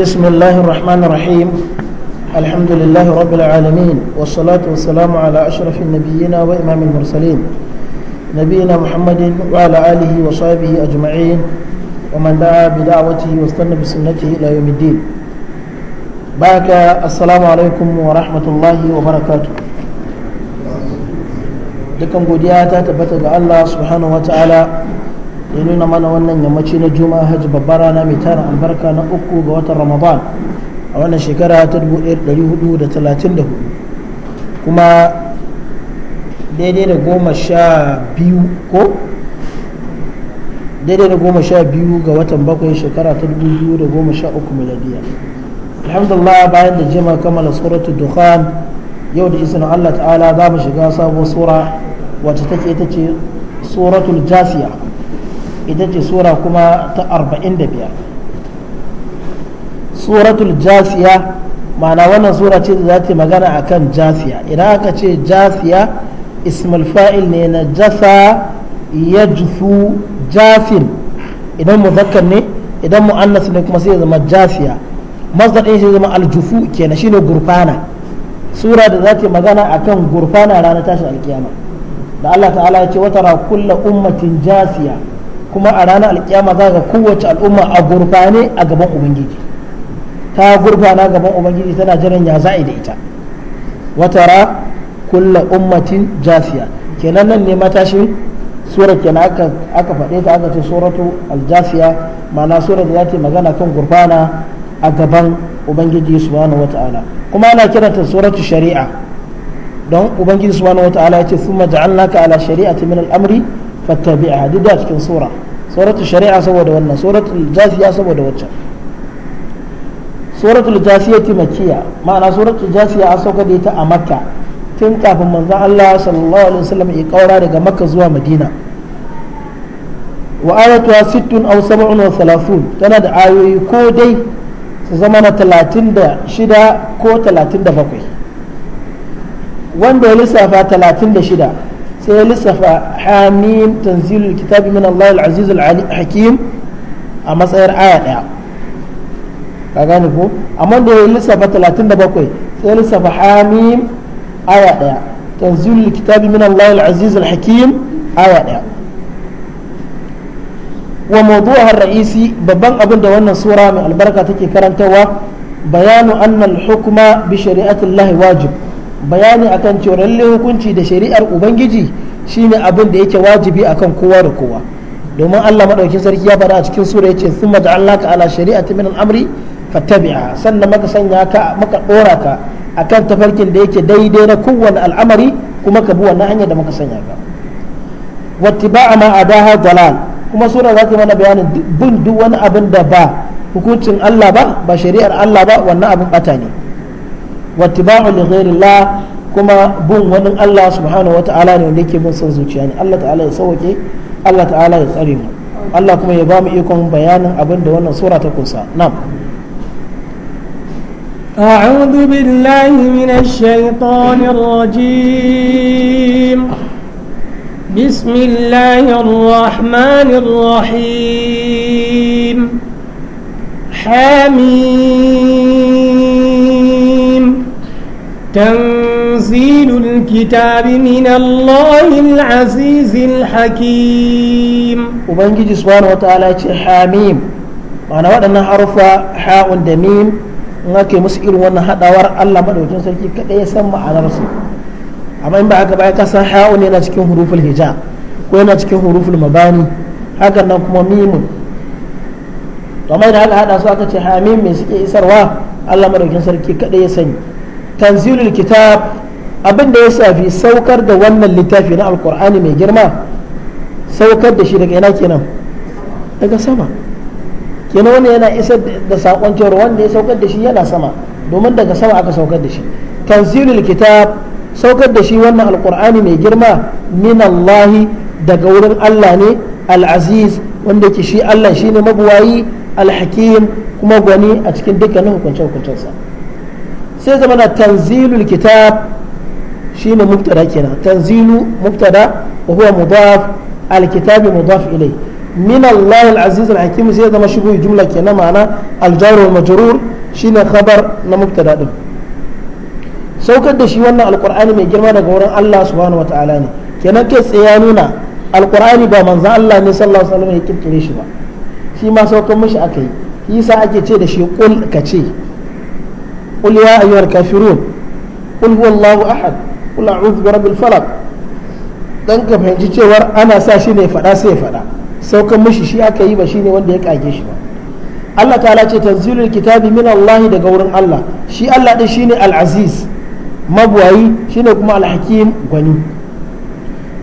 بسم الله الرحمن الرحيم الحمد لله رب العالمين والصلاة والسلام على أشرف النبيين وإمام المرسلين نبينا محمد وعلى آله وصحبه أجمعين ومن دعا بدعوته واستنى بسنته إلى يوم الدين بارك السلام عليكم ورحمة الله وبركاته dukan قدياتا ta الله سبحانه وتعالى ya nuna mana wannan yammaci na juma hajj babbar rana mai tara albarka na uku ga watan ramadan a wannan shekara ta 1434 kuma daidai da goma sha biyu ko daidai da goma sha biyu ga watan bakwai shekara ta 2013 miladiya alhamdulillah bayan da jima kammala suratu dukhan yau da izinin allah ta'ala za mu shiga sabuwar sura wacce take ita ce suratul jasiya ita ce sura kuma ta 45 suratul jasiya ma'ana wannan sura ce da za ta magana a kan jasiya idan aka ce jasiya ismul fa'il ne na jasa ya jufu jasin idan mu ne idan mu'annas ne kuma sai ya zama jasiya masdar ɗin sai zama aljufu kenan shine gurfana sura da za ta magana akan gurfana ranar tashin alkiyama da Allah ta'ala ya ce wata ra kulla ummatin jasiya kuma a ranar alkiyama za ga kowace al'umma a gurfane a gaban ubangiji ta gurfana gaban ubangiji tana jiran ya za'i da ita watara kulla ummatin Jasiya. kenan nan ne matashin surar kenan aka aka faɗe ta aka ce suratu aljasiya ma'ana surar da za ta magana kan gurfana a gaban ubangiji subhanahu wata'ala kuma ana kiranta suratu shari'a don ubangiji subhanahu wata'ala ya ce summa ja'alnaka ala shari'ati min al-amri fattabi'ha duk da cikin sura suratul shari'a saboda wannan suratul jasiya saboda waccan suratul jasiyati makiya ma'ana suratul jasiya an sauka da ita a makka tun kafin manzon Allah sallallahu alaihi wasallam ya kaura daga makka zuwa madina wa ayatuha sittun aw sab'un wa tana da ayoyi ko dai su zama na 36 ko 37 wanda ya lissafa 36 sai lissafa hamim tanzilul kitabi min Allah al-aziz hakim a matsayar aya daya ka gane ko amma da ya lissafa 37 sai lissafa hamim aya daya tanzilul kitabi min Allah al-aziz hakim aya daya wa mawdu'uha ar-ra'isi babban abin da wannan sura mai albarka take karantawa bayanu anna al-hukma bi shari'ati Allah wajib bayani akan cewa lallai hukunci da shari'ar ubangiji shine abin da yake wajibi akan kowa da kowa domin Allah madaukin sarki ya faɗa a cikin sura yace thumma ja'alnaka ala shari'ati min al-amri fattabi'a sannan maka sanya ka maka dora ka akan tafarkin da yake daidai na kowane al'amari kuma ka bi wannan hanya da maka sanya ka a ma a adaha dalal kuma sura za ta mana bayanin bin duk wani abin da ba hukuncin Allah ba ba shari'ar Allah ba wannan abin bata ne wattiba'u li ghairillah kuma bun wani Allah subhanahu ta'ala ne wanda yake bin son zuciya ne Allah ta'ala ya sauke Allah ta'ala ya tsare mu Allah kuma ya bamu ikon bayanin abin da wannan sura ta kunsa na'am أعوذ بالله من الشيطان الرجيم بسم الله الرحمن الرحيم حميم تنزيل الكتاب من الله العزيز الحكيم وبنجي سبحانه وتعالى waɗannan وانا وانا da حاء دميم ngake musu irin wannan hadawar Allah madaukakin sarki kadai ya san ma'anar su amma in ba haka ba ya kasan ha'un yana cikin huruful hija ko yana cikin huruful mabani hakan nan kuma mimun to mai da hada su aka ce hamim mai suke isarwa Allah madaukakin sarki kadai ya sani tanzilul kitab abin da ya shafi saukar da wannan littafi na alkur'ani mai girma saukar da shi daga ina kenan daga sama kenan wani yana isar da sakon cewar wanda ya saukar da shi yana sama domin daga sama aka saukar da shi tanzilul kitab saukar da shi wannan alkur'ani mai girma min Allah daga wurin Allah ne al'aziz wanda ke shi Allah shine mabuwayi al-hakim kuma gwani a cikin dukkanin hukunce-hukuncensa sai zama na tanzilul kitab shine mubtada kenan tanzilu mubtada wa huwa mudaf alkitab mudaf ilay min Allah al-aziz sai zama shigo jumla kenan ma'ana aljaru jar wal shine khabar na mubtada din saukar da shi wannan alqur'ani mai girma daga wurin Allah subhanahu wataala ne kenan kai tsaye ya nuna alqur'ani ba manzo Allah ne sallallahu alaihi wasallam ya kirkire shi ba shi ma saukar mishi akai yasa ake ce da shi kul kace قل يا أيها الكافرون قل هو الله أحد قل أعوذ برب الفلق dan ka fahimci cewar ana sa shi ne faɗa sai sau saukan mishi shi aka yi ba shi ne wanda ya kage shi ba Allah ta'ala ce tanzilul kitabi min Allah daga wurin Allah shi Allah din shine al-aziz mabwayi shine kuma al-hakim gwani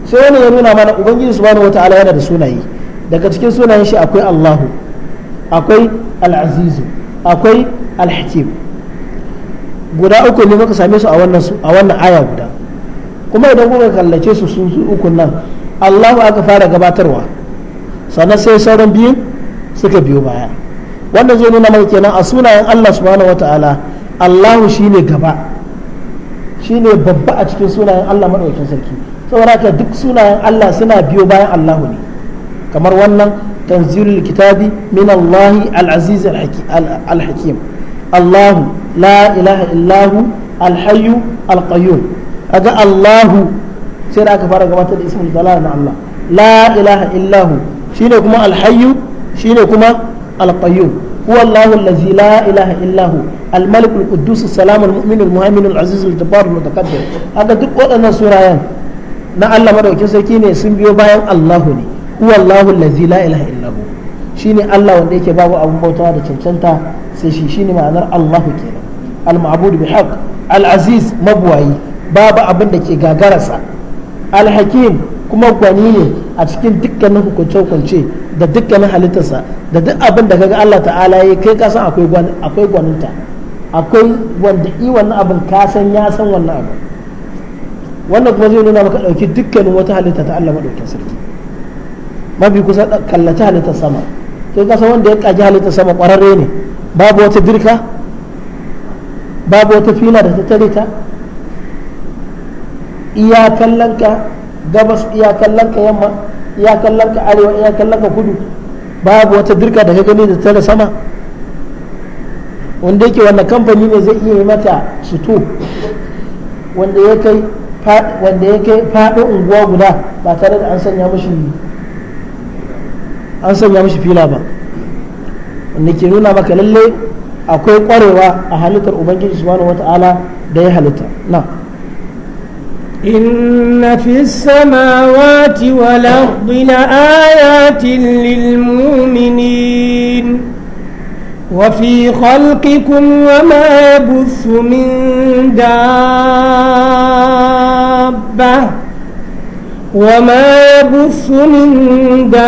sai wani ya nuna mana ubangiji subhanahu wataala yana da sunaye daga cikin sunayen shi akwai Allahu akwai al-aziz akwai al-hakim guda uku ne muka same su a wannan a wannan aya guda kuma idan kuka kallace su su uku nan Allahu aka fara gabatarwa sannan sai sauran biyun suka biyo baya wanda zai nuna mana kenan a sunayen Allah subhanahu wataala Allahu shine gaba shine babba a cikin sunayen Allah madaukakin sarki saboda haka duk sunayen Allah suna biyo bayan Allahu ne kamar wannan tanzilul kitabi min Allahi al-aziz al-hakim Allahu la ilaha illahu alhayyu alqayyum kaga allahu sai da aka fara gabatar da ismul jalala na allah la ilaha illahu shine kuma alhayyu shine kuma هو الله الذي لا إله إلا هو الملك القدوس السلام المؤمن المهيمن العزيز الجبار المتكبر هذا duk waɗannan sunayen na Allah madaukakin sarki ne sun biyo bayan Allahu ne huwa Allahu allazi la ilaha shine Allah wanda yake babu abun bautawa da cancanta sai shi shine Allahu kenan al-ma'bud bi haqq al-aziz mabwayi babu abin da ke gagararsa al-hakim kuma gwani ne a cikin dukkanin hukunce-hukunce da dukkanin halittarsa da duk abin da kaga Allah ta'ala ya kai ka san akwai akwai gwaninta akwai wanda i wannan abin ka san ya san wannan abin wannan kuma zai nuna maka dauki dukkanin wata halitta ta Allah madaukakin sarki mafi kusa kallata halitta sama kai ka san wanda ya kaji halittar sama kwararre ne babu wata dirka babu wata fila da ta tare ta iya kallonka gabas iya kallonka yamma iya kallonka arewa iya kallonka kudu babu wata dirka da ka gani da tare sama wanda yake wannan kamfani ne zai iya yi mata suto wanda ya kai wanda ya kai faɗo unguwa guda ba tare da an sanya mashi an sanya mashi fila ba wanda ke nuna maka lalle akwai kwarewa a halittar ubangiji subhanahu wata'ala da ya halitta na inna fi samawati wal ardi la في lil mu'minin wa fi khalqikum wa ma يبث min dabbah وما يبث من دابة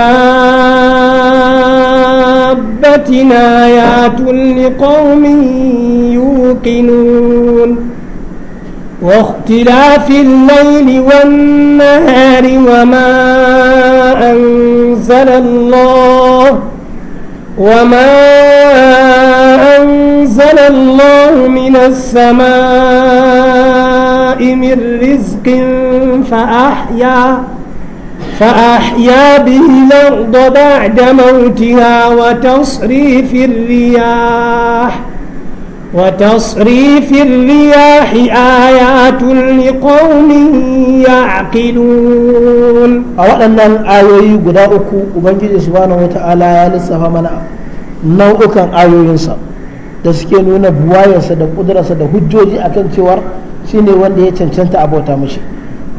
آيات لقوم يوقنون واختلاف الليل والنهار وما أنزل الله وما أنزل الله من السماء من رزق فأحيا فأحيا به الأرض بعد موتها وتصريف الرياح وتصريف الرياح آيات لقوم يعقلون أولا آيوي قداؤك وبنجد سبحانه وتعالى يا لسه من nau'ukan ayoyinsa da suke nuna buwayensa da kudurarsa da hujjoji akan cewar shine wanda ya cancanta abota mashi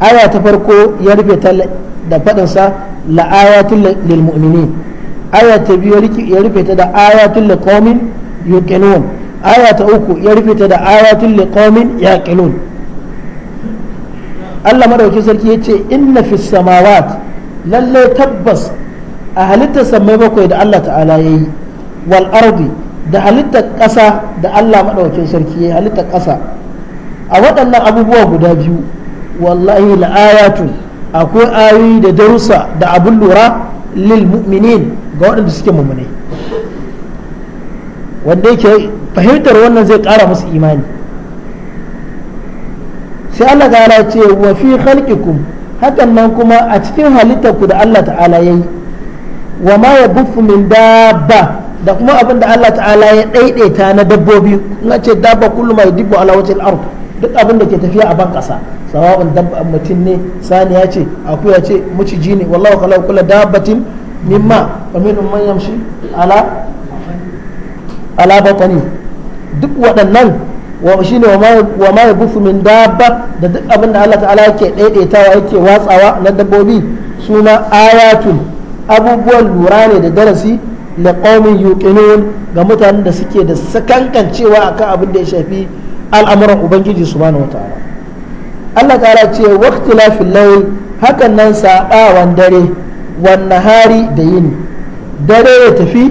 aya ta farko ya rufe ta da faɗinsa la ayatul lil mu'minin aya ta biyu ya rufe ta da ayatul liqaumin yuqinun aya ta uku ya rufe ta da ayatul liqaumin yaqinun Allah madauki sarki yace inna fis samawat lalle tabbas a halitta samai bakwai da Allah ta'ala yayi wal ardi da halitta kasa da Allah madaukin sarki yayi halitta kasa a waɗannan abubuwa guda biyu wallahi la'ayatun akwai ayoyi da darussa da abin lura lil mu'minin ga waɗanda suke mummunai wanda yake fahimtar wannan zai ƙara musu imani sai Allah ta'ala ce wa fi khalqikum hakan nan kuma a cikin ku da Allah ta'ala yayi wa ma ya buffu min dabba da kuma abinda Allah ta'ala ya daidaita na dabbobi in ce dabba kullu ma yadibbu ala wajhil ardh duk abin da ke tafiya a ban kasa sawa'un dabba mutum ne saniya ce akuya ce maciji ne wallahu kala kula dabbatin mimma wa minhum man yamshi ala ala batani duk waɗannan wa shine wa ma yabufu min dabba da duk abin da Allah ta'ala yake daidaitawa yake watsawa na dabbobi suna ayatun abubuwan lura ne da darasi liqaumin yuqinun ga mutanen da suke da sakankancewa akan abin da ya shafi al'amuran ubangiji su bani wata ara Allah kara ce lafin layl hakan nan sabawan dare wannan hari da yini dare ya tafi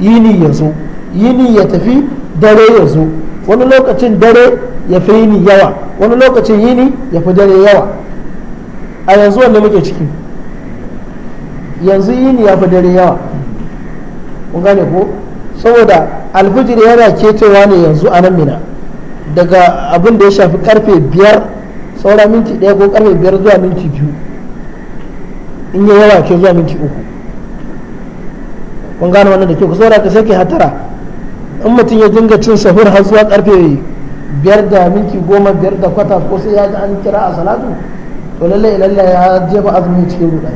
yini ya zo yini ya tafi dare ya zo wani lokacin dare ya fi yini yawa wani lokacin yini ya fi dare yawa a yanzu wanda muke ciki yanzu yini ya fi dare yawa kun gane ko saboda alfijir yana ketowa ne yanzu a nan mina daga abin da ya shafi karfe biyar saura minti ɗaya ko karfe biyar zuwa minti biyu in yi yawa ke zuwa minti uku kun gane wannan da ke ku saura ka sai ke hatara in mutum ya dinga cin sahur har zuwa karfe biyar da minti goma biyar da kwata ko sai ya ji an kira a salatu to lallai lallai ya jefa azumi cikin ruɗa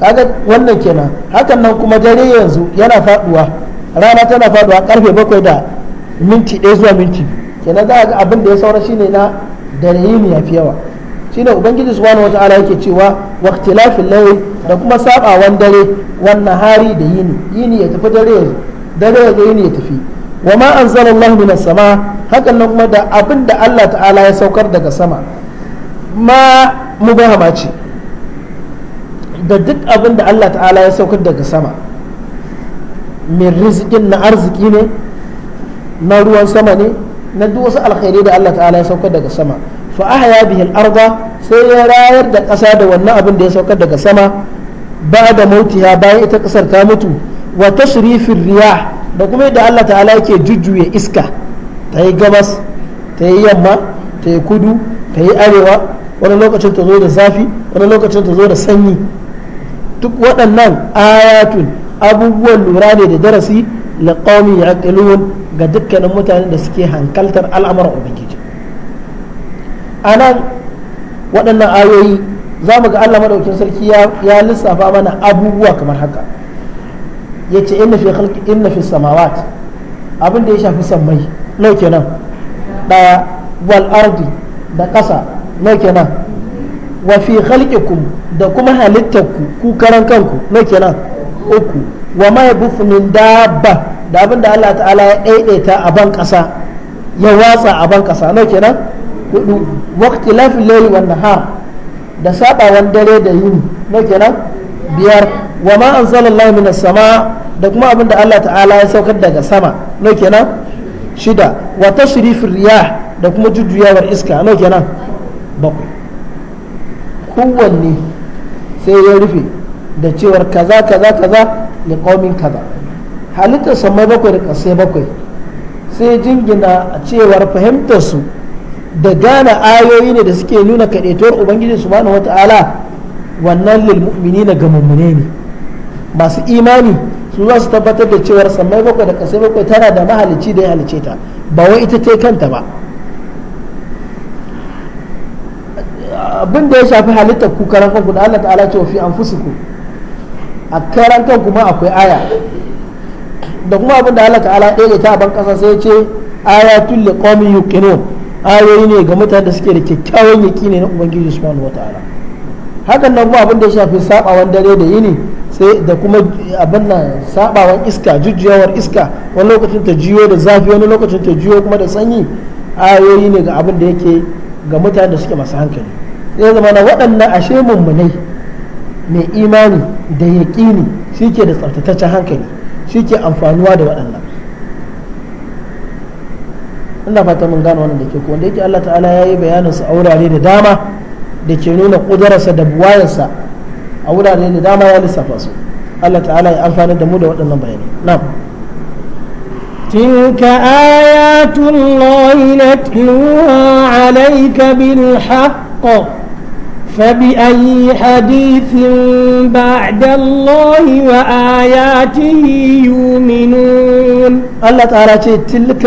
kaga wannan kenan hakan nan kuma dare yanzu yana faduwa rana tana faduwa karfe bakwai da minti ɗaya zuwa minti kenan za a ga abin da ya saura shine na darayini ya fi yawa shine ubangiji subhanahu wataala yake cewa waqtilafil layl da kuma sabawan dare wannan hari da yini yini ya tafi dare ya dare ya yini ya tafi wa ma anzalallahu minas sama hakan nan kuma da abin da Allah ta'ala ya saukar daga sama ma mubahama ce da duk abin da Allah ta'ala ya saukar daga sama min rizikin na arziki ne na ruwan sama ne na duk wasu alkhairi da Allah ta'ala ya saukar daga sama fa ahya bihi al-arda sai ya rayar da ƙasa da wannan abin da ya saukar daga sama ba da mautiha bayan ita ƙasar ta mutu wa tashrifir riyah da kuma yadda Allah ta'ala yake jujjuya iska ta yi gabas ta yi yamma ta yi kudu ta yi arewa wani lokacin ta zo da zafi wani lokacin ta zo da sanyi duk waɗannan ayatun abubuwan lura ne da darasi na ƙaumin ya ga dukkanin mutanen da suke hankaltar al'amuran ubangiji a nan waɗannan ayoyi za mu ga allah maɗaukin sarki ya lissafa mana abubuwa kamar haka ya ce inna fi inna fi samawat abin da ya shafi sammai nau kenan da wal ardi da ƙasa nau kenan wa fi khalqikum da kuma halittarku ku karan kanku nau kenan uku wa ma yabuthu min dabba da abin da Allah ta'ala ya daidaita a ban ƙasa ya watsa a ban ƙasa nau nan hudu wakti lafil layli wanda ha da sabawan dare da yini nau nan biyar wa ma anzalallahu minas sama da kuma abin da Allah ta'ala ya saukar daga sama nau nan shida wa shirifin riya da kuma jujjuyawar iska nau nan bakwai kowanne sai ya rufe da cewar kaza kaza kaza liqaumin kaza halittar samai bakwai da ƙasai bakwai sai jingina a cewar fahimtarsu da gane ayoyi ne da suke nuna kaɗaituwar ubangiji subhanahu wata'ala wannan lilmu'mini na gamammune ne masu imani su za su tabbatar da cewar samai bakwai da ƙasai bakwai tana da mahalicci da ya halice ta ba wai ita ta kanta ba abin da ya shafi halittar ku karan kanku da Allah ta'ala ce wa fi anfusiku a karan kanku ma akwai aya da kuma abin da halaka ala ɗaya ta ban kasa sai ce ayatul liqawmin yuqinun ayoyi ne ga mutanen da suke da kyakkyawan yaqini na ubangiji subhanahu wataala hakan nan kuma abin da ya shafi sabawan dare da yini sai da kuma abin nan sabawan iska jujjuyawar iska wani lokacin ta jiyo da zafi wani lokacin ta jiyo kuma da sanyi ayoyi ne ga abin da yake ga mutanen da suke masu hankali sai zama na waɗannan ashe mummunai mai imani da yaƙini shi ke da tsaftataccen hankali shi ke amfanuwa da waɗannan ina fata mun gane wannan da ke da yake Allah ta'ala ya yi bayanin su a wurare da dama da ke nuna ƙudurarsa da buwayensa a wurare da dama ya lissafa su Allah ta'ala ya amfana da mu da waɗannan bayanai na'am تلك آيات الله نتلوها عليك بالحق فبأي حديث بعد الله وآياته يؤمنون الله تعالى تلك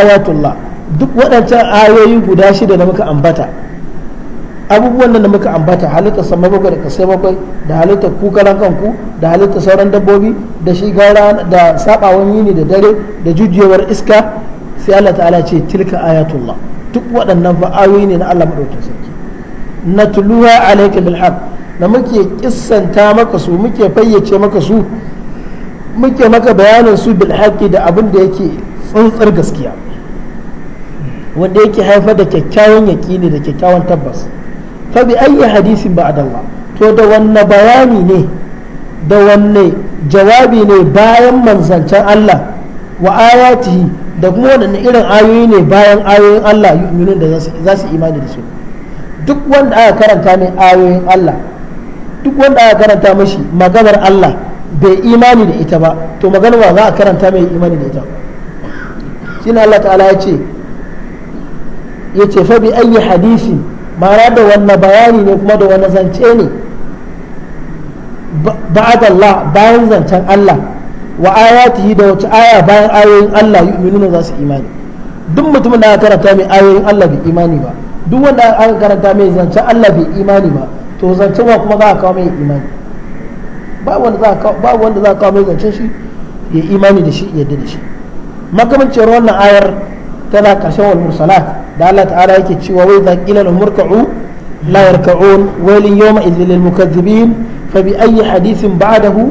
آيات الله duk waɗancan ayoyi guda shida da muka ambata abubuwan da muka ambata halitta sama bakwai da kasai bakwai da halitta kukalan kanku da halitta sauran dabbobi da shigara da sabawan yini da dare da jujjewar iska sai Allah ta'ala ce tilka ayatullah duk waɗannan fa ayoyi ne na Allah maɗaukin sarki na tuluwa bil haqq da muke kissanta maka su muke fayyace maka su muke maka bayanin su bil da abin da yake tsantsar gaskiya wanda yake haifar da kyakkyawan yaƙini da kyakkyawan tabbas fa bi ayyi hadisin ba'dallah to da wanne bayani ne da wanne jawabi ne bayan manzancen Allah wa ayatihi da kuma waɗanne irin ayoyi ne bayan ayoyin Allah yi da za su imani da su duk wanda aka karanta mai ayoyin Allah duk wanda aka karanta mashi maganar Allah bai imani da ita ba to maganar wa za a karanta mai imani da ita shi Allah ta'ala ya ce ya ce fa bi ayi hadisi ma'ana da wannan bayani ne kuma da wani zance ne ba'ad Allah bayan zancen Allah wa ayatihi da wace aya bayan ayoyin Allah yu'minuna za su imani duk mutumin da aka karanta mai ayoyin Allah bai imani ba duk wanda aka karanta mai zancen Allah bai imani ba to zancen wa kuma za a kawo mai imani babu wanda za a kawo mai zancen shi ya imani da shi ya da shi makamancin wannan ayar tana kashe wal mursalat da Allah ta'ala yake cewa wai za kila lahum murka'u la yarka'un wailin yawma idhil lil mukaththibin fa bi ayyi hadithin ba'dahu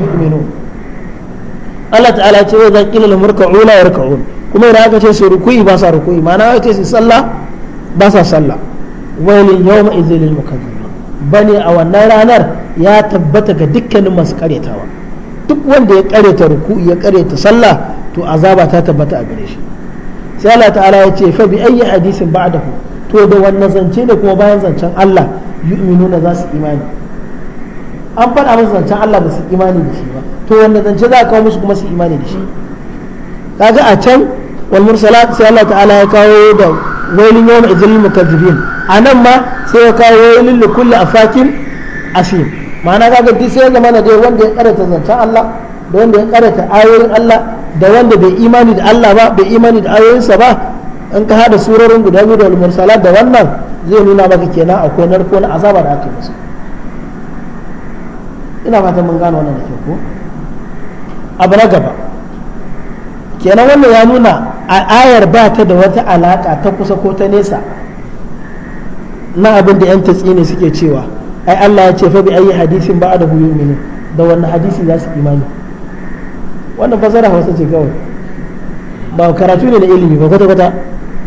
yu'minun Allah ta'ala ya ce wai za kila lahum murka'u la yarka'un kuma idan aka ce su ruku'i ba sa ruku'i ma'ana aka ce su sallah ba sa sallah wailin yawma idhil mukazzibin bane a wannan ranar ya tabbata ga dukkanin masu karyatawa duk wanda ya karyata ruku ya karyata sallah to azaba ta tabbata a gare shi sai Allah ta'ala ya ce fa bi ayyi hadisin ba'dahu to da wannan zance ne kuma bayan zancen Allah yu'minuna za su imani an faɗa musu zancen Allah ba su imani da shi ba to wanda zance za a kawo musu kuma su imani da shi kaga a can wal mursalat sai Allah ta'ala ya kawo da wailin yawon izinin mukazibin a nan ma sai ya kawo wailin kulle a fakin ashim ma'ana kaga duk sai ya zama dai wanda ya karanta zancen Allah da wanda ya karanta ayoyin Allah da wanda bai imani da Allah ba bai imani da ayoyinsa ba in ka hada surorin guda biyu da mursalat da wannan zai nuna maka kenan akwai narko na azaba da ake musu ina fatan mun gano wannan da ke ko abu na gaba kenan wannan ya nuna a ayar ba ta da wata alaka ta kusa ko ta nesa na abin da 'yan tatsini suke cewa ai Allah ya ce fa bi ayi hadisin ba da mini da wannan hadisi za su imani wannan zara hausa ce kawai ba karatu ne na ilimi ba kwata kwata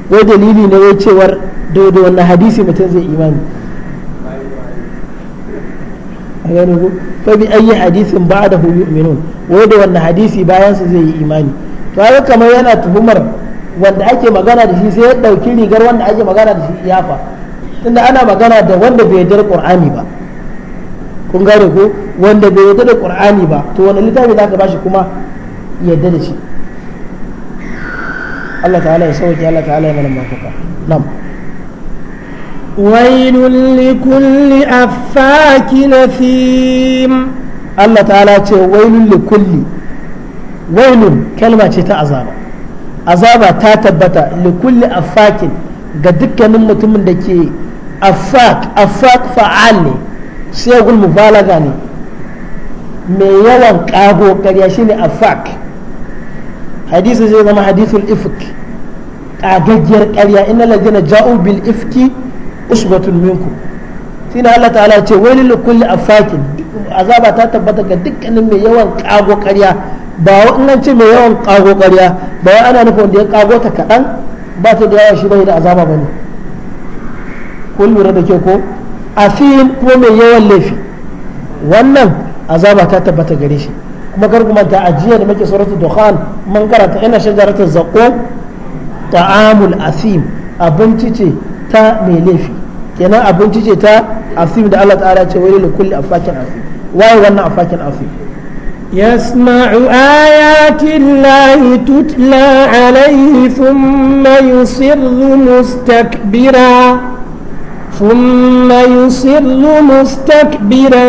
wai dalili ne wai cewar da wannan hadisi mutum zai imani a ku fa bi ayi hadisin ba da yu'minun wai da wannan hadisi bayan su zai yi imani kaga kamar yana tuhumar wanda ake magana da shi sai ya dauki rigar wanda ake magana da shi iyafa tunda ana magana da wanda bai yarda qur'ani ba kun gane ko wanda bai yarda da qur'ani ba to wani littafi za ka bashi kuma yarda da shi Allah ta'ala ya sauke Allah ta'ala ya mana mafaka na'am ويل لكل أفاك نثيم الله تعالى ويل لكل wailun kalma ce ta azaba azaba ta tabbata li kulli ga dukkanin mutumin da ke affak affak fa'al ne sai mubalaga ne mai yawan kago ƙarya shine affak hadisi zai zama hadithul ifk kagaggiyar ƙarya innal ladina ja'u bil ifki usbatun minkum shine Allah ta'ala ce wailul kulli affakin azaba ta tabbata ga dukkanin mai yawan kago karya ba wannan ce mai yawan kago ƙarya ba wai ana nufin da ya kago ta kaɗan ba ta da yawa shi bai da azaba ba ne kun lura da ke ko afin kuma mai yawan laifi wannan azaba ta tabbata gare shi kuma kar kuma ta ajiya da muke suratul dukhan karanta ina shajaratul zaqum ta'amul asim abinci ce ta mai laifi kenan abinci ce ta asim da Allah ta'ala ce wani kulli afakin asim waye wannan afakin asim يسمع آيات الله تتلى عليه ثم يصر مستكبرا ثم يصر مستكبرا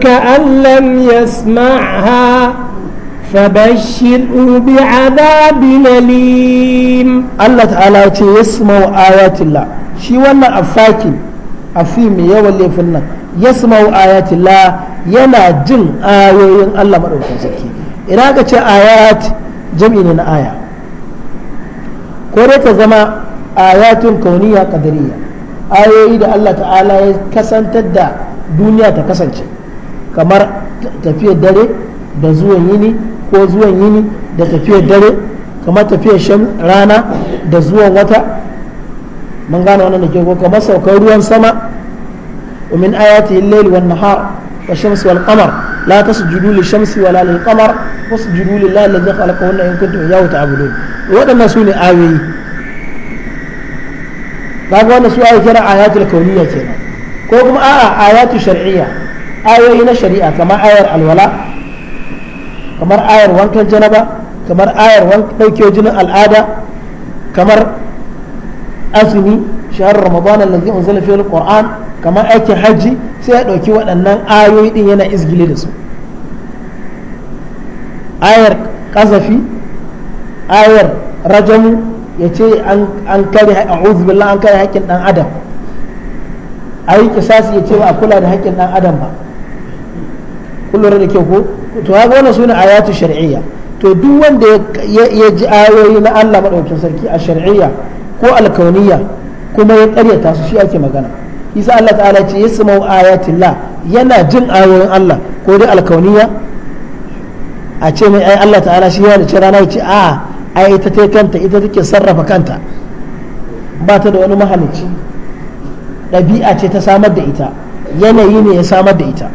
كأن لم يسمعها فبشره بعذاب أليم الله تعالى يسمع آيات الله شي وانا أفاكي أفيم يا ولي فنك yasma'u ayatillah yana jin ayoyin Allah madaukakin sarki idan ka ce ayat jam'i ne na aya ko dai ta zama ayatun kauniya kadariya ayoyi da Allah ta'ala ya kasantar da duniya ta kasance kamar tafiyar dare da zuwan yini ko zuwan yini da tafiyar dare kamar tafiyar shan rana da zuwan wata mun gane wannan da ke ko kamar saukar ruwan sama ومن آياته الليل والنهار والشمس والقمر لا تسجدوا للشمس ولا للقمر واسجدوا لله الذي خلقهن إن كنتم إياه تعبدون وهذا سوني آوي kaga wannan su ayi kira ayatul kauniyya kenan ko kuma a'a ayatu shar'iyya ayoyi na shari'a kamar ayar alwala kamar ayar wankan janaba kamar ayar ɗauke jinin al'ada kamar azumi shahar ramadan allazi unzila fihi alquran kamar aikin hajji sai ya ɗauki waɗannan ayoyi ɗin yana izgili da su ayar ƙazafi ayar rajamu ya ce an kare a'udhu billah an kare haƙƙin ɗan adam ayi ƙisasi ya ce ba a kula da haƙƙin ɗan adam ba kullum da kyau ko to haka wannan sune ayatu shar'iyya to duk wanda ya ji ayoyi na Allah madaukakin sarki a shar'iyya ko alkauniyya kuma ya ƙaryata su shi ake magana isa Allah ta'ala ce yasmau ayatillah yana jin ayoyin Allah ko dai alkauniya a ce mai ai Allah ta'ala shi ya ce rana ce a ai ita ta kanta ita take sarrafa kanta ba ta da wani mahalicci ɗabi'a ce ta samar da ita yanayi ne ya samar da ita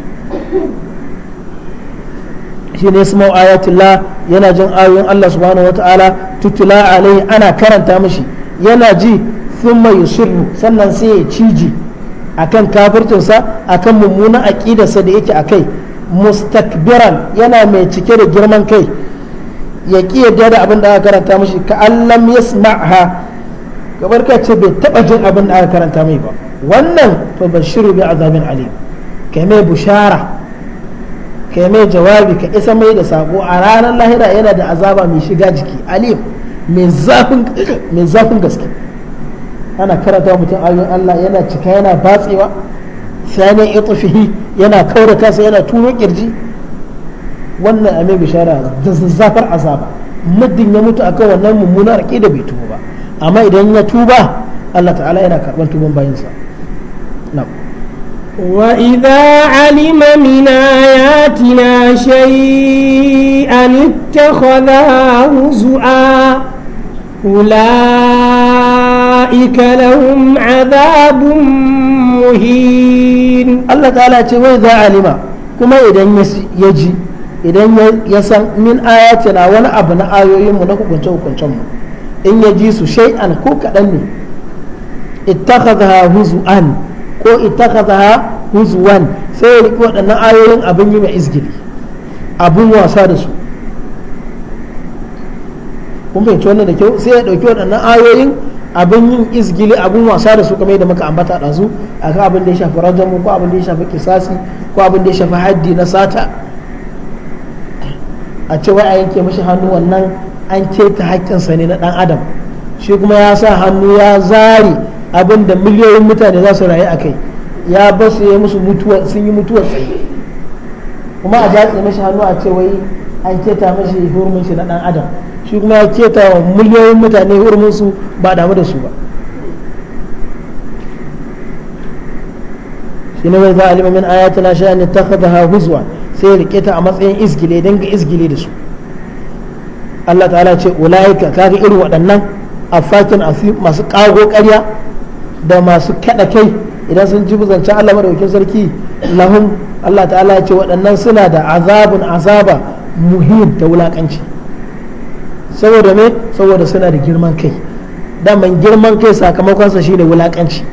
shi ne ismau ayatullah yana jin ayoyin Allah subhanahu wa ta'ala tutula alai ana karanta mishi yana ji sun mai sannan sai ya ciji akan kafircinsa akan mummunan aƙidarsa da yake kai mustakbiran yana mai cike da girman kai ya ƙi yadda da abin da aka karanta mashi ka allam yasma'ha gabar ka ce bai taɓa jin abin da aka karanta mai ba wannan to bashiru bi azabin alim kai mai bushara kai mai jawabi ka isa mai da sako a ranar lahira yana da azaba mai shiga jiki alim mai zafin gaske ana karanta mutum ayoyin Allah yana cika yana batsewa sani itufihi yana kaurata kansa yana turo kirji wannan a mai bishara da zazzafar azaba muddin ya mutu akan wannan mummunar aqida bai tuba ba amma idan ya tuba Allah ta'ala yana karban tuban bayansa na'am وإذا علم من آياتنا شيئا اتخذها هزؤا أولئك أُولَئِكَ لَهُمْ عَذَابٌ مُهِينٌ الله تعالى وَإِذَا عَلِمَ kuma idan ya ji idan ya san min ayatina wani abu na ayoyin mu na hukunce hukuncen mu in yaji su shai ko kadan ne ittakhadha huzuan ko ittakhadha huzuan sai ya riƙi waɗannan ayoyin abin yi mai izgili abun wasa da su kun fahimci wannan da kyau sai ya ɗauki waɗannan ayoyin abin yin izgili abin wasa da su kamar yadda muka ambata ɗazu akan abin da ya shafi rajamu ko abin da ya shafi kisasi ko abin da ya shafi haddi na sata a ce wai a yanke mashi hannu wannan an keta haƙƙinsa ne na ɗan adam shi kuma ya sa hannu ya zari abin da miliyoyin mutane za su rayu a kai ya ba su yi musu mutuwa sun yi mutuwa sai kuma a jatsi mashi hannu a ce wai an keta mashi hurmin shi na ɗan adam shi kuma ya keta wa miliyoyin mutane hurumin su ba damu da su ba shi ne wai za a lima min ayatuna sha ne ta kada huzwa sai ya rike ta a matsayin izgile don ga izgile da su Allah ta'ala ce ulaika ga irin waɗannan afakin masu ƙago ƙarya da masu kaɗa kai idan sun ji buzancin Allah maraukin sarki lahum Allah ta'ala ce waɗannan suna da azabun azaba muhim ta wulaƙanci saboda me saboda suna da girman kai daman girman kai sakamakonsa shine wulakanci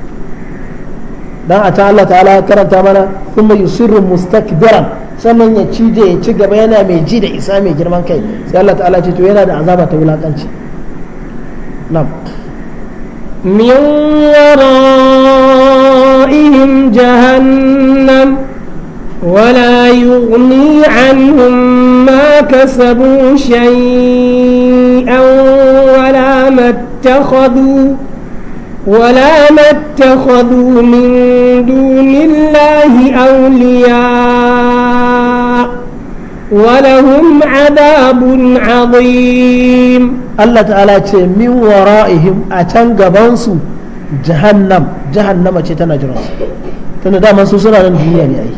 dan a ta Allah ta'ala karanta mana kuma yusirru mustakbiran sannan ya ci da ya ci gaba yana mai ji da isa mai girman kai sai Allah ta'ala ce to yana da azaba ta wulakanci nam min wara'ihim jahannam wala yughni anhum ma kasabu شيئا ولا ما اتخذوا ولا ما اتخذوا من دون الله أولياء ولهم عذاب عظيم الله تعالى من ورائهم أتن قبانسو جهنم جهنم أتن جرس تندام سوسنا عن الدنيا أي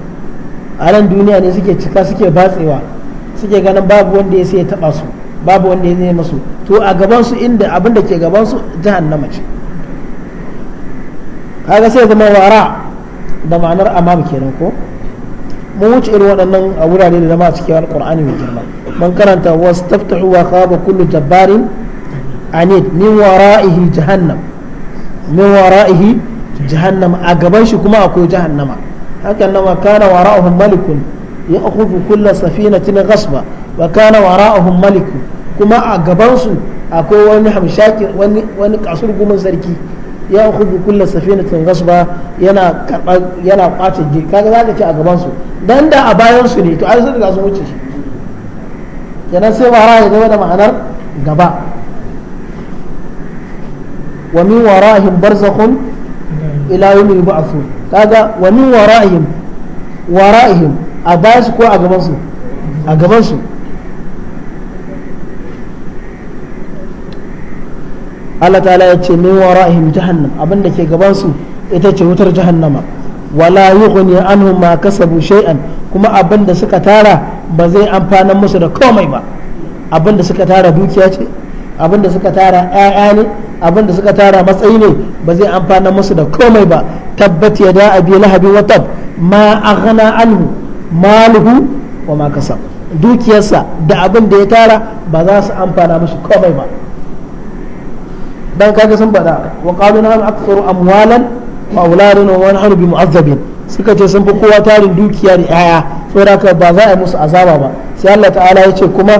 a nan duniya ne suke cika suke batsewa suke ganin babu wanda ya sai ya taba su babu wanda ya masu to a gaban su inda abin da ke gaban su jahannama ce kaga sai zama wara da ma'anar amam kenan ko mun wuce irin waɗannan a wurare da dama cikin alƙur'ani mai girma mun karanta wasu taftahu wa khaba kullu jabbarin anid min wara'ihi jahannam min wara'ihi jahannam a gaban shi kuma akwai jahannama hakan nama kana wara'uhum malikun ya'khudhu kulla safinatin ghasba wa kana wara'ahum malik kuma a gabansu akwai wani hamshaki wani kasur gumin sarki ya khudu kulla safinatin ghasba yana karba yana kwace je kaga zaka ce a gabansu dan da a bayan su ne to ai sun riga sun wuce shi kenan sai wara ya zama da ma'anar gaba wa min wara'ihim barzakhun ila yawmi yub'athun kaga wa min wara'ihim wara'ihim a bayan su ko a gabansu a gabansu Allah ta'ala ya ce min ra'ihim jahannam abin da ke gaban su ita ce wutar jahannama wala yughni anhum ma kasabu shay'an kuma abin da suka tara ba zai amfana musu da komai ba abin da suka tara dukiya ce abin da suka tara ƴaƴa ne abin da suka tara matsayi ne ba zai amfana musu da komai ba tabbat ya da abi lahabi wa tab ma aghna anhu maluhu wa ma kasab dukiyarsa da abin da ya tara ba za su amfana musu komai ba dan kaga sun bada wa qalu nahnu aktharu amwalan wa auladun wa nahnu bi mu'azzabin suka ce sun fi kowa tarin dukiya da yaya saboda ba za a yi musu azaba ba sai Allah ta'ala ya ce kuma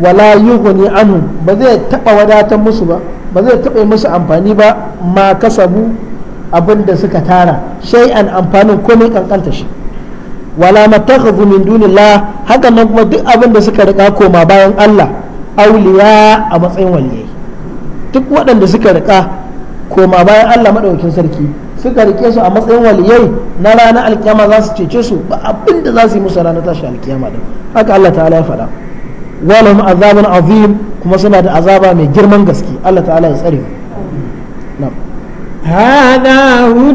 wala yughni anhu ba zai taba wadatar musu ba ba zai taba musu amfani ba ma kasabu abin da suka tara shay'an amfanin komai kankanta shi wala matakhadhu min dunillah hakan nan kuma duk abin da suka rika koma bayan Allah auliya a matsayin waliyai duk waɗanda suka rika koma bayan Allah maɗaukin sarki suka rike su a matsayin waliyai na ranar alkiyama za su cece su ba abin da za su yi musu rana tashi alkiyama din haka Allah ta'ala ya faɗa walahum azabun azim kuma suna da azaba mai girman gaske Allah ta'ala ya tsare mu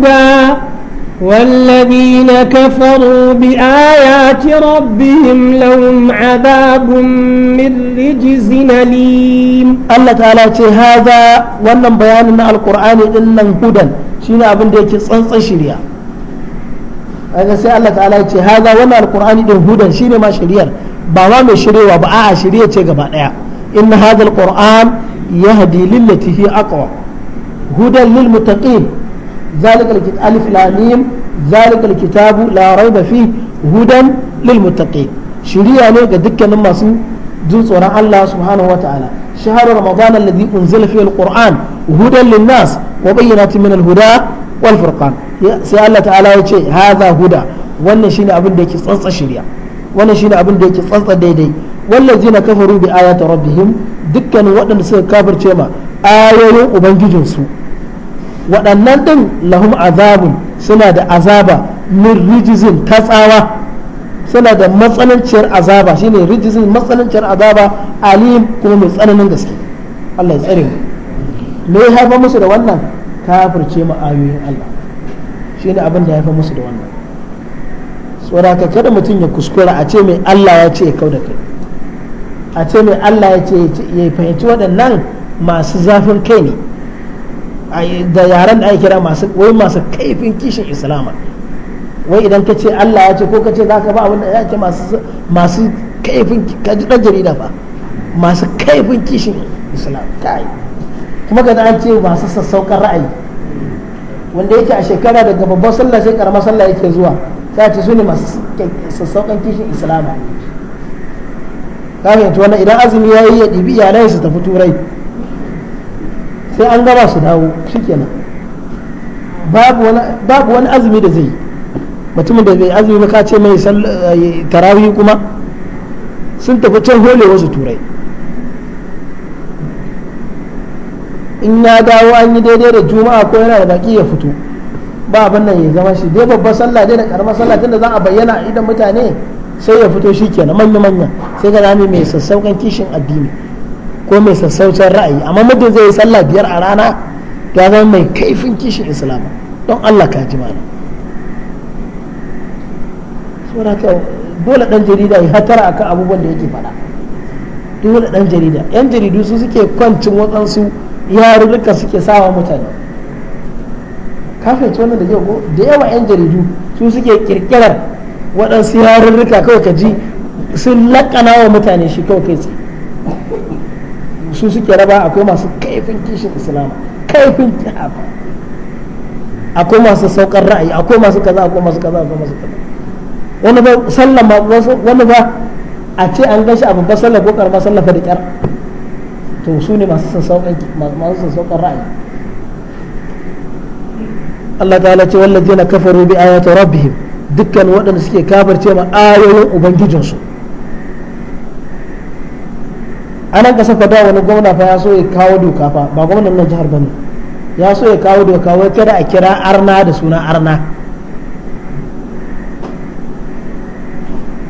والذين كفروا بآيات ربهم لهم عذاب من رجز أليم الله تعالى هذا ولم بيان القرآن إلا هدى شين أبن ديك صنص شريعة هذا سي الله تعالى هذا ولم القرآن إلا هدى شين ما شريعة بوام شريعة وبعاء شريعة تقبع إن هذا القرآن يهدي للتي هي أقوى هدى للمتقين ذلك الكتاب ألف لاميم ذلك الكتاب لا ريب فيه هدى للمتقين شريعة لك دكا لما سن جنس الله سبحانه وتعالى شهر رمضان الذي أنزل فيه القرآن هدى للناس وبينات من الهدى والفرقان سأل الله تعالى يتشي هذا هدى wannan shine abin da yake tsantsa shirya wannan shine abin da yake tsantsa daidai wallazina kafaru bi ayati rabbihim dukkan waɗanda suka kafirce ma ayoyin ubangijinsu su waɗannan ɗin lahum azabun suna da azaba min rijizin ta tsawa suna da matsananciyar azaba shine rijizin matsananciyar azaba alim kuma mai tsananin gaske Allah ya tsare mu me ya haifa musu da wannan kafirce mu ayoyin Allah shine abin da ya haifa musu da wannan tsora ka kada mutum ya kuskura a ce mai Allah ya ce ya kauda kai a ce mai Allah ya ce ya fahimci waɗannan masu zafin kai ne da yaren da ake kira masu wai masu kaifin kishin islama wai idan ka ce Allah ya ce ko ka ce za ka ba abin da ya ce masu kaifin kaji dan jarida ba masu kaifin kishin islam kai kuma ka an ce masu sassaukar ra'ayi wanda yake a shekara daga babban sallah sai karamar sallah yake zuwa sai ce su ne masu sassaukan kishin islama ka fahimci wannan idan azumi ya yi ya ɗibi iyalai su tafi turai sai an gaba su dawo shikenan babu wani babu wani azumi da zai mutumin da zai azumi ka ce mai eh, tarawih kuma sun tafi can hole wasu turai in ya dawo an yi daidai da juma'a ko yana da baki ya fito ba abin nan ya zama shi dai babbar sallah dai da karamar sallah tunda za a bayyana idan mutane sai ya fito shi kenan manya manya sai ga zami mai sassaukan kishin addini ko mai sassaucin ra'ayi amma muddin zai yi sallah biyar a rana ya zama mai kaifin kishin islam don Allah ka ji mana dole dan jarida ya hatara akan abubuwan da yake faɗa dole dan jarida yan jaridu su suke kwancin waɗansu yarurruka suke sawa mutane kafin wannan da kyau da yawa yan jaridu su suke kirkirar waɗansu yarurruka kawai ka ji sun laƙana wa mutane shi kawai kai tsaye su suke raba akwai masu kaifin kishin islam kaifin jihaba akwai masu saukar ra'ayi akwai masu kaza akwai masu kaza akwai masu kaza wani ba sallah ma wani ba a ce an gashi abu ba sallah ko karma sallah da kyar to su ne masu sassauƙan masu sassauƙan ra'ayi Allah ta'ala ce wallazina kafaru bi ayati rabbihim dukkan waɗanda suke kafirce ma ayoyin ubangijinsu anan kasar fata wani gwamna fa ya so ya kawo doka fa ba gwamnan nan jihar bane ya so ya kawo doka wai kada a kira arna da suna arna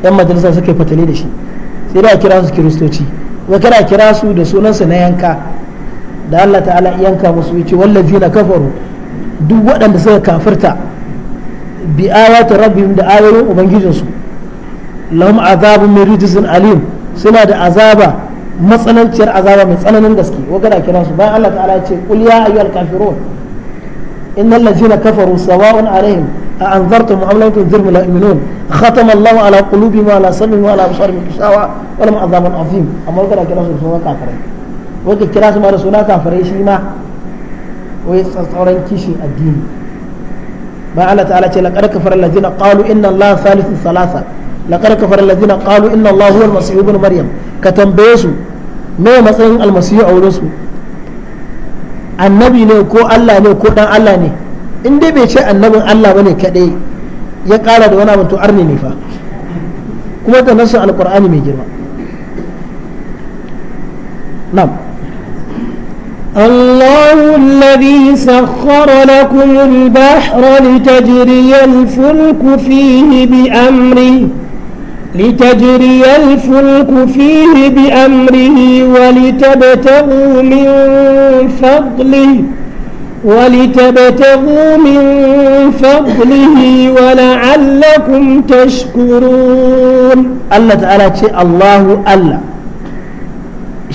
yan majalisa suke fatali da shi sai da a kira su kiristoci wai kada a kira su da sunansu na yanka da Allah ta'ala yanka musu yace wallazi na kafaru duk waɗanda suka kafirta bi ayatu rabbihim da ayoyin ubangijinsu lahum azabun min rijzin alim suna da azaba matsananciyar azaba mai tsananin gaske wagana kira su bayan Allah ta'ala ya ce qul ya ayyuhal kafirun innal ladzina kafaru sawa'un alaihim a anzartum am lam tunzirhum la yu'minun khatama Allahu ala qulubihim wa ala sam'ihim wa ala absarihim ghishawa wa lahum azabun azim amma wagana kira su sunan kafirai wagana kira su ma da sunan kafirai shi ma wai tsatsauran kishi addini bayan Allah ta'ala ce laqad kafara alladzina qalu inna Allaha salisu salasa laqad kafara alladhina qalu inna allaha huwa almasih ibn maryam ka tambaye su me matsayin almasihu a wurin su annabi ne ko Allah ne ko dan Allah ne in dai bai ce annabin Allah ne kadai ya kara da wani abin to arni ne fa kuma da nasu alqur'ani mai girma na'am الله الذي سخر لكم البحر لتجري الفلك فيه بأمره لتجري الفلك فيه بأمره ولتبتغوا من فضله ولتبتغوا من فضله ولعلكم تشكرون الله تعالى شيء الله الله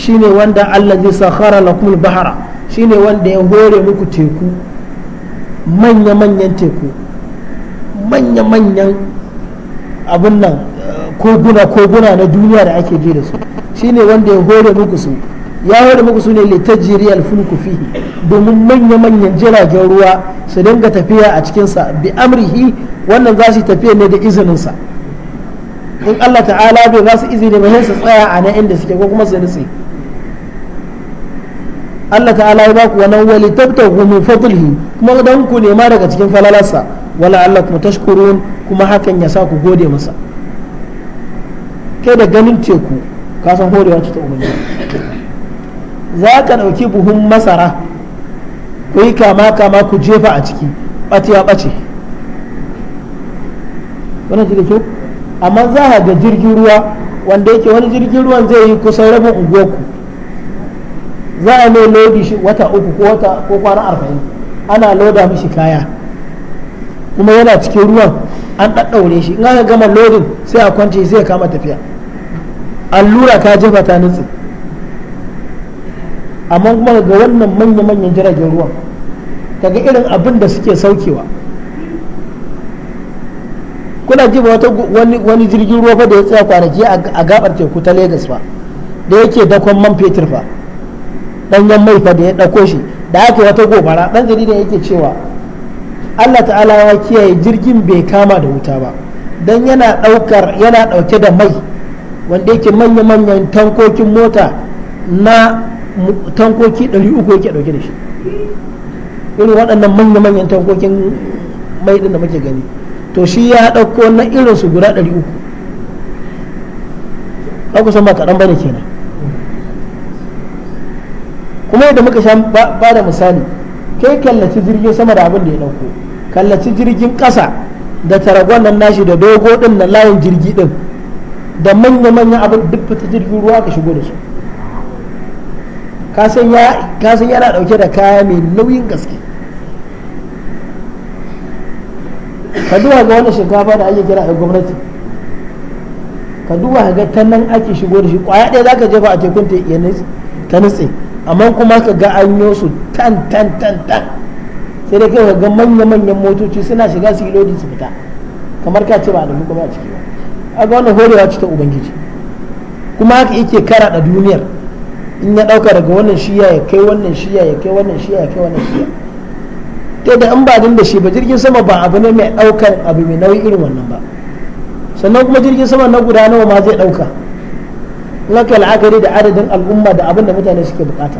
شيني وندا الذي سخر لكم البحر شيني وندا يهوري مكو تيكو من يمن ينتكو من يمن abin nan koguna koguna na duniya da ake ji da su shi ne wanda ya hore muku su ya hore muku su ne litajiri alfulku fihi domin manya-manyan jiragen ruwa su dinga tafiya a cikinsa bi amrihi wannan za su tafiya ne da izininsa in Allah ta'ala bai ba su izini ba sai su tsaya a nan inda suke ko kuma su nutse Allah ta'ala ya baku wannan wali tabtahu min fadlihi kuma dan ku nema daga cikin falalarsa wala kuma tashkurun kuma hakan ya sa ku gode masa kai da ganin teku ka san horewa ta umarni za ka ɗauki buhun masara ku yi kama kama ku jefa a ciki ɓace ya ɓace wani da amma za a ga jirgin ruwa wanda yake wani jirgin ruwan zai yi kusan rabin unguwarku za a mai lodi shi wata uku ko wata ko kwana arba'in ana loda mishi kaya kuma yana cikin ruwan an ɗaɗɗaure shi in aka gama lodin sai a kwance sai ya kama tafiya allura ka jefa ta nutse amma kuma ga wannan manya-manyan jiragen ruwa kaga irin abin da suke saukewa kuna ji wata wani jirgin ruwa fa da ya tsaya kwanaki a gabar teku ta Legas fa da yake dakon man fetur fa danyen mai fa da ya dauko shi da aka wata gobara dan jarida yake cewa Allah ta'ala ya kiyaye jirgin bai kama da wuta ba dan yana daukar yana dauke da mai wanda yake manya manyan tankokin mota na tankoki 300 yake dauke da shi irin waɗannan manya manyan tankokin mai din da muke gani to shi ya dauko na irin su guda 300 ba kusan ba kaɗan bane kenan kuma yadda muka sha ba da misali kai kallaci jirgin sama da abin da ya dauko kallaci jirgin ƙasa da taragon nan nashi da dogo din na layin jirgi din da manya-manya abin duk fita jirgin ruwa ka shigo da su kasan yana dauke da kaya mai nauyin gaske ka duba ga wani shinkafa da ake kira a gwamnati ka duba ga ta nan ake shigo da shi kwaya ɗaya za ka jefa a tekun ta nutse amma kuma ka ga an yi su tan tan tan tan sai dai kai ga manya-manyan motoci suna shiga su yi lodi su fita kamar ka ce ba da hukuma a ciki ba a ga wannan horewa ce ta ubangiji kuma haka yake da duniyar in ya dauka daga wannan shiya ya kai wannan shiya ya kai wannan shiya ya kai wannan shiya ta da an ba din da shi ba jirgin sama ba abu ne mai ɗaukar abu mai nauyi irin wannan ba sannan kuma jirgin sama na guda nawa ma zai ɗauka laka al'akari la'akari da adadin al'umma da abin da mutane suke bukata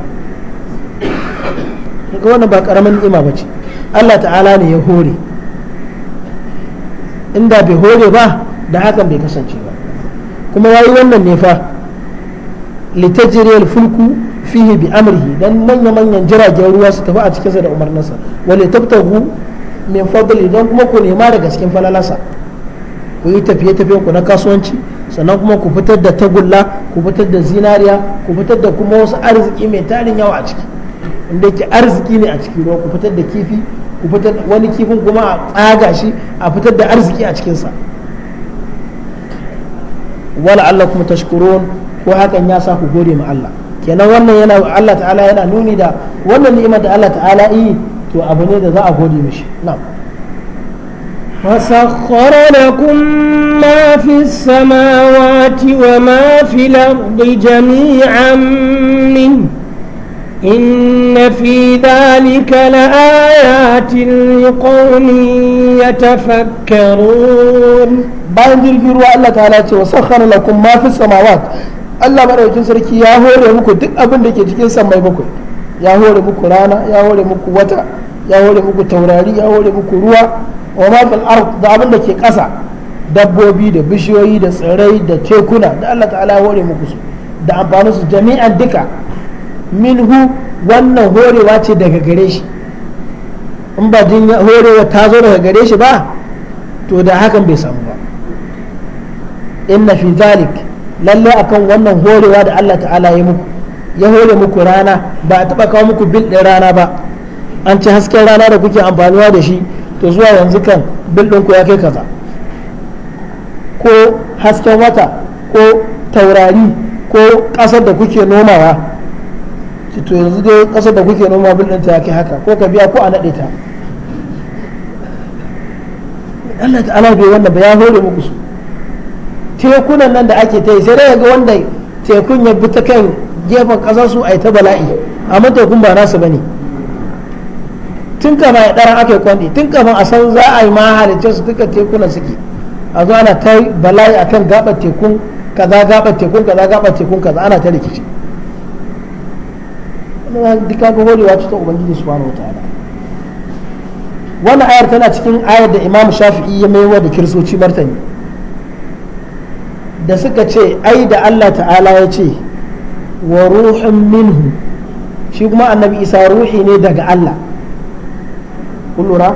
ga wannan ba karamin ni'ima ba ce Allah ta'ala ne ya hore inda bai hore ba da hakan bai kasance ba kuma ya yi wannan ne fa litajriyal fulku fihi bi amrihi dan manya manyan jiragen ruwa su tafi a cikin sa da umarninsa wal tabtahu min fadli dan kuma ku nema daga cikin falalasa ku yi tafiye tafiyen ku na kasuwanci sannan kuma ku fitar da tagulla ku fitar da zinariya ku fitar da kuma wasu arziki mai tarin yawa a ciki inda ke arziki ne a cikin ruwa ku fitar da kifi ku fitar wani kifin kuma a tsaga shi a fitar da arziki a cikinsa wala Allah kuma tashkurun ko hakan ya sa ku gode ma Allah kenan wannan yana Allah ta'ala yana nuni da wannan ni'imar da Allah ta'ala yi to abu ne da za a gode mishi na'am فسخر لكم ما في السماوات وما في الأرض جميعا منه إن في ذلك لآيات لقوم يتفكرون bayan jirgin ruwa Allah ta'ala ce wa sakhara lakum ma fi samawat Allah madaukakin sarki ya hore muku duk abinda ke cikin sammai bakwai ya hore muku rana ya hore muku wata ya hore muku taurari ya hore muku ruwa wa ma fil ard da abinda ke ƙasa dabbobi da bishiyoyi da tsirrai da tekuna da Allah ta'ala ya hore muku da amfanin su jami'an duka minhu wannan horewa ce daga gare shi in ba jin horewa ta zo daga gare shi ba to da hakan bai samu ba inna fi zalik lalle akan wannan horewa da Allah ta'ala ya muku ya hore muku rana ba a taba kawo muku bil din rana ba an ci hasken rana da kuke amfaniwa da shi to zuwa yanzu kan bil ku ya kai kaza ko hasken wata ko taurari ko ƙasar da kuke nomawa to yanzu dai kasar da kuke noma bil ɗinta ya kai haka ko ka biya ko a naɗe ta Allah ta ala bai wannan ba ya hore muku su tekunan nan da ake ta yi sai dai ga wanda tekun ya bi ta kan gefen ƙasar su a yi ta bala'i amma tekun ba nasu bane tun kama ya ɗara aka yi kwandi tun kama a san za a yi ma halicce su duka tekunan suke a zo ana ta bala'i akan gaɓar tekun kaza gaɓar tekun kaza gaɓar tekun kaza ana ta rikici duk kaga horewa ta ubangiji wata ala wannan ayar tana cikin ayar da imam shafi'i ya maiwa da kirsoci martani da suka ce ai da allah ta'ala ya ce wa ruhun minhu shi kuma annabi isa ruhi ne daga allah kullura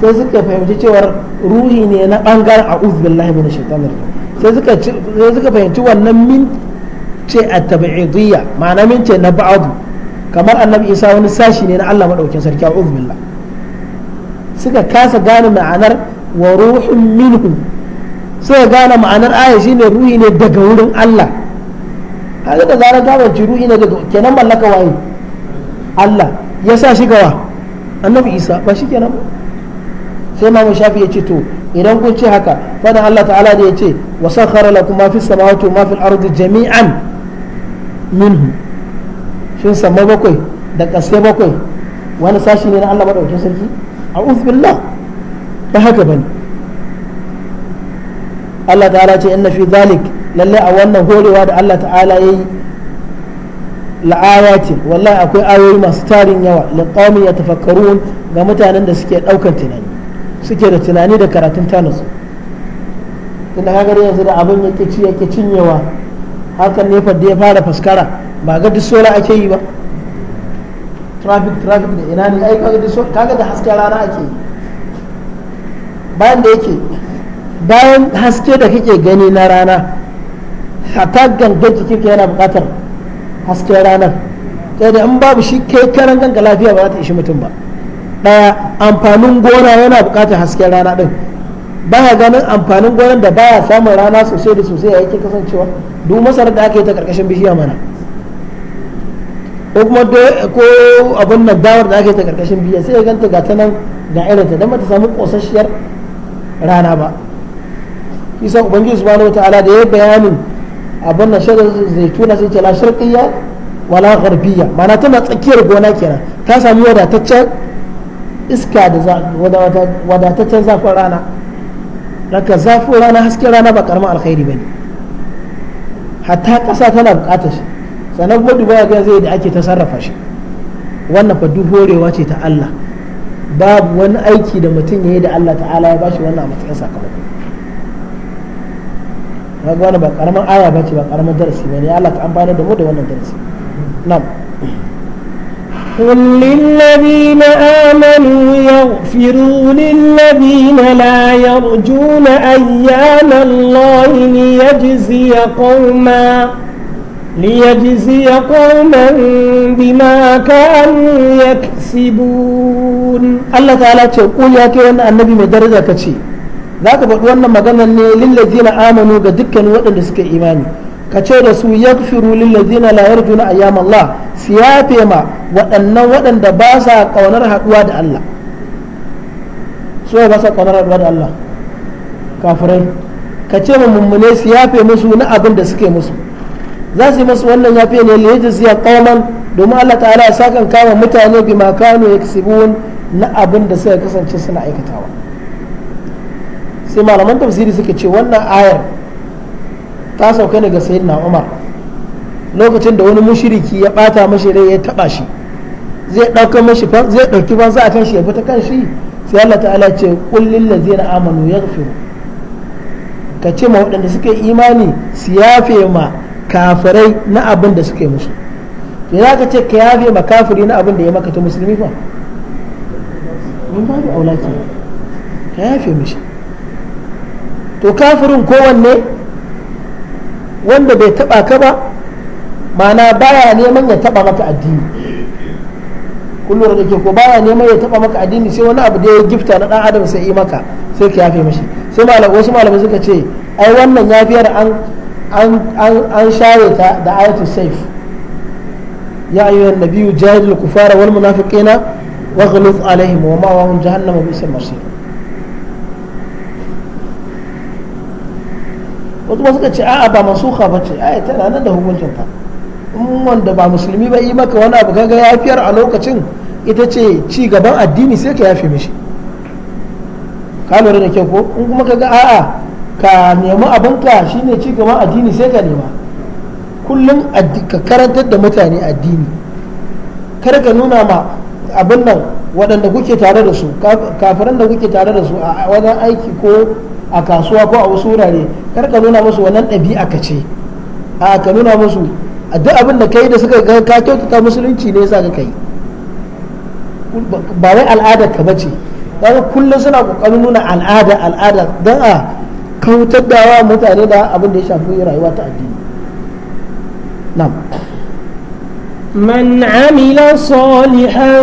sai suka fahimci cewar ruhi ne na bangaren a billahi min shaitanir sai suka fahimci wannan min ce a tabi'idiyya ma'ana min ce na ba'adu kamar annabi isa wani sashi ne na Allah madaukin sarki a billah suka kasa gane ma'anar wa ruhun minhu suka gane ma'anar aya shine ruhi ne daga wurin Allah haka da zarar ta bace ruhi ne daga kenan mallaka waye Allah ya sa shi gawa annabi isa ba shi kenan sai mamu shafi ya ce to idan kun ce haka fadan Allah ta'ala da ya ce wa sakhara lakum ma fis samawati wa ma fil ardi jami'an minhu shin sama bakwai da ƙasai bakwai wani sashi ne na Allah maɗaukin sarki a uzbillah ba haka bane Allah ta'ala ce inna fi zalik lalle a wannan horewa da Allah ta'ala ya yi la'ayati wallahi akwai ayoyi masu tarin yawa ya yatafakkarun ga mutanen da suke ɗaukar tunani suke da tunani da karatun tanasu tunda kaga yanzu da abin yake ci yake cinyewa hakan ne fa ya fara faskara ba ga duk sola ake yi ba traffic traffic da ina ne ai ga disola ka kaga da hasken rana ake yi bayan da yake bayan haske da kake gani na rana hatta gangar jikinka yana buƙatar hasken ranar kai da in babu shi kai karan ganga lafiya ba za ta ishi mutum ba ɗaya amfanin gona yana buƙatar hasken rana ɗin ba ganin amfanin gonan da baya samun rana sosai da sosai ya yake kasancewa duk masarar da aka yi ta ƙarƙashin bishiya mana ko kuma ko abin nan dawar da ake ta karkashin biya sai ya ganta ga ta nan da irinta don ba ta samu kosasshiyar rana ba kisan ubangiji subhanahu wa ta'ala da ya bayanin abin nan shaidar zaituna sai ce la sharqiyya wala gharbiya mana tana tsakiyar gona kenan ta samu wadataccen iska da wadataccen zafin rana daga zafin rana hasken rana ba karamin alkhairi bane hatta kasa tana bukatar shi sannan kuma duba ga zai da ake ta sarrafa shi wannan fa duk horewa ce ta Allah babu wani aiki da mutum ya yi da Allah ta'ala ya shi wannan a matsayin sakamako kaga wannan ba karaman aya ba ce ba karaman darasi ba ne Allah ta amfana da mu da wannan darasi na'am قل للذين آمنوا يغفروا للذين لا يرجون أيام الله ليجزي قوماً ليجزي قوما بما كانوا يكسبون الله تعالى تقول يا كيوان النبي من درجة كشي ذاك بقولنا مجانا للذين آمنوا قد كان وقت إيماني kace da su ya firu ladzina la yarjuna ayyam Allah su yafe ma waɗannan waɗanda ba sa ƙaunar haɗuwa da Allah so ba sa ƙaunar haɗuwa da Allah kafirai kace ma mummune su yafe musu na abin da suke musu za su yi masu wannan ya fiye ne liyajis ya kauman domin Allah ta'ala ya sakan kama mutane bi makano ya kisibun na abin da suka kasance suna aikatawa sai malaman tafsiri suka ce wannan ayar ta sauka ne ga sayyidina umar lokacin da wani mushiriki ya bata mashi rai ya taba shi zai dauka mashi zai dauki za a kan shi ya fita kan shi sai Allah ta'ala ce na ladzina amanu yaghfiru ka ce ma waɗanda suka yi imani su yafe ma kafirai na abin da suka yi musu to za ka ce ka yafe ma kafiri na abin da ya maka ta musulmi fa mun babu aulaki ka yafe mishi to kafirin kowanne wanda bai taba ka ba mana baya neman ya taba maka addini kullum da ke ko baya neman ya taba maka addini sai wani abu da ya gifta na dan adam sai yi maka sai ka yafe mishi sai wasu malamai suka ce ai wannan yafiyar an an share ta da ayatul saif ya ayyuhan nabiyyu jahidul kufara wal munafiqina waghluz alaihim wa ma'awahum jahannam wa bi'sal masir wasu ba suka ce a'a ba mansuha ba ce aya tana nan da hukuncin ta in wanda ba musulmi ba yi maka wani abu kaga yafiyar a lokacin ita ce ci gaban addini sai ka yafe mishi ka lura da kyau ko in kuma kaga a'a ka nemi abinka shine ci gaban addini sai ka nema kullum ka karantar da mutane addini kar ka nuna ma abin nan waɗanda kuke tare da su kafiran da kuke tare da su a wajen aiki ko a kasuwa ko a wasu wurare kar ka nuna musu wannan ɗabi'a ka ce a ka nuna musu duk abin da kai da suka ga ka kyautata musulunci ne yasa ka kai ba wai al'ada ka bace kaga kullum suna kokarin nuna al'ada al'ada dan a kautar da wa mutane da abin da ya shafi rayuwa ta addini na'am من عمل صالحا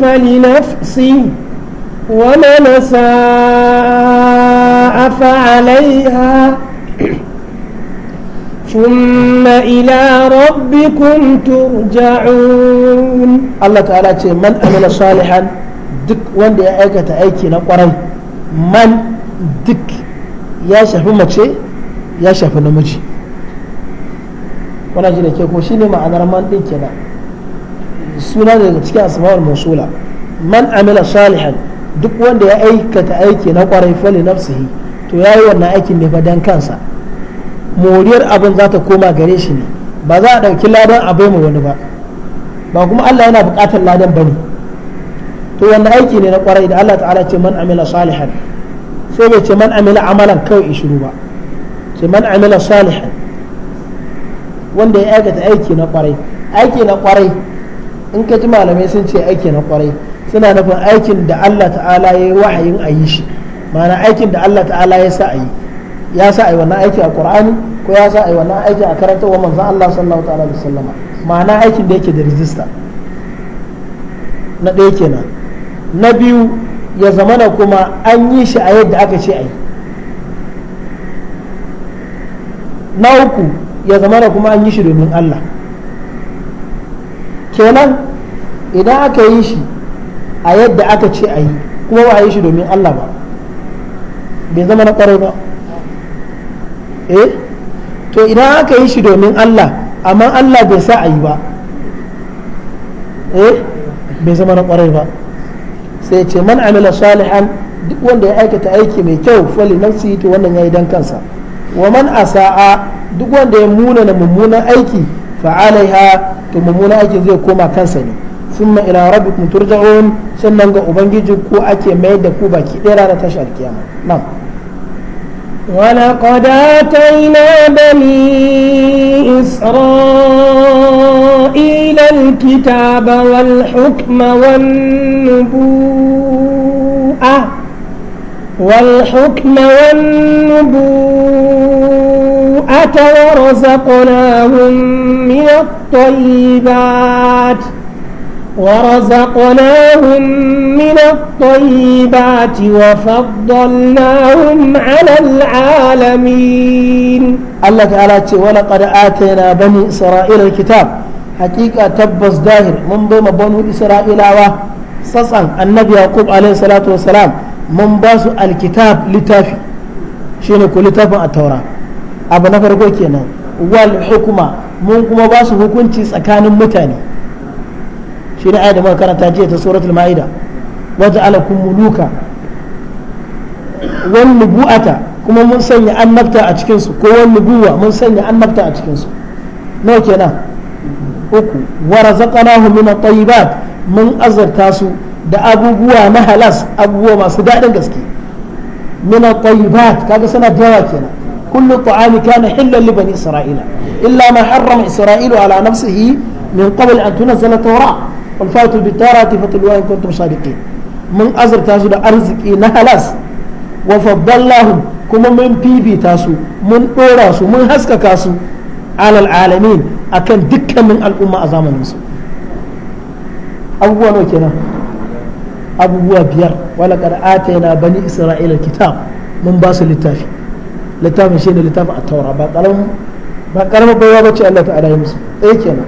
فلنفسه ومن ساء فعليها ثم إلى ربكم ترجعون الله تعالى من عمل صالحا دك وان دي ايكا تأيكي نقرأ من دك ya shafi mace ya shafi namiji wannan ji ke ko ne ma'anar man din kenan suna daga cikin asma'ul Musula man amila salihan duk wanda ya aikata aiki na kwarai fali nafsihi to ya yi wannan aikin ne fa dan kansa moriyar abin za ta koma gare shi ne ba za a ɗauki ladan a bai wani ba ba kuma Allah yana buƙatar ladan bane to wannan aiki ne na kwarai da Allah ta'ala ce man amila salihan sai bai ce man amila amalan kawai shiru ba ce man amila salihan wanda ya aikata aiki na kwarai aiki na kwarai in ka ji malamai sun ce aiki na kwarai suna nufin aikin da Allah ta'ala ya yi wahayin a yi shi ma'ana aikin da Allah ta'ala ya sa a yi ya sa a yi wannan aiki a qur'ani ko ya sa a yi wannan aiki a karanta wa manzon Allah sallallahu ta'ala alaihi wasallama ma'ana aikin da yake da rijista na ɗaya kenan na biyu ya zamana kuma an yi shi a yadda aka ce a yi na uku ya zamana kuma an yi shi domin Allah kenan idan aka yi shi a yadda aka ce a yi kuma ba a yi shi domin Allah ba bai zama na kwarai ba eh to idan aka yi shi domin Allah amma Allah bai sa a yi ba eh bai zama na kwarai ba sai ce man amila salihan duk wanda ya aikata aiki mai kyau fali nafsi to wannan yayi dan kansa wa man asa'a duk wanda ya muna na mummunan aiki fa alaiha to mummunan aiki zai koma kansa ne thumma ila rabbikum turja'un sannan ga ubangiji ko ake mai da ku baki ɗaya na tashar kiyama na'am ولقد آتينا بني إسرائيل الكتاب والحكم والنبوءة والحكم والنبوءة ورزقناهم من الطيبات ۖ ورزقناهم من الطيبات وفضلناهم على العالمين الله تعالى ولقد آتينا بني إسرائيل الكتاب حقيقة تبس داهر من بين بنو إسرائيل سسن النبي يعقوب عليه الصلاة والسلام من باس الكتاب لتافي شنو كل لتاف التوراة أبو نفر كينا والحكمة من كما باس هكونتي سكان متاني shi ne da muka karanta jiya ta suratul ma'ida waja'alakum muluka wan nubu'ata kuma mun sanya annabta a cikin su ko wani nubuwa mun sanya annabta a cikin su nawa kenan uku wa razaqnahum min at-tayyibat mun azarta su da abubuwa na halas abubuwa masu daɗin gaske min at-tayyibat kaga sana da yawa kenan kullu ta'ami kana hillan li bani isra'ila illa ma harrama isra'ilu ala nafsihi min qabl an tunzala tawrah qul fatu bi tarati fatluha in kuntum sadiqin mun azurta su da arziki na halas wa faddallahum kuma mun fifita su mun dora su mun haskaka su alal alamin akan dukkanin al'umma a zamanin su abubuwa nawa kenan abubuwa biyar wala qad atayna bani isra'ila kitab mun ba su littafi littafin shine littafin at-taura ba karamin ba karamin baiwa bace Allah ta'ala ya musu ɗaya kenan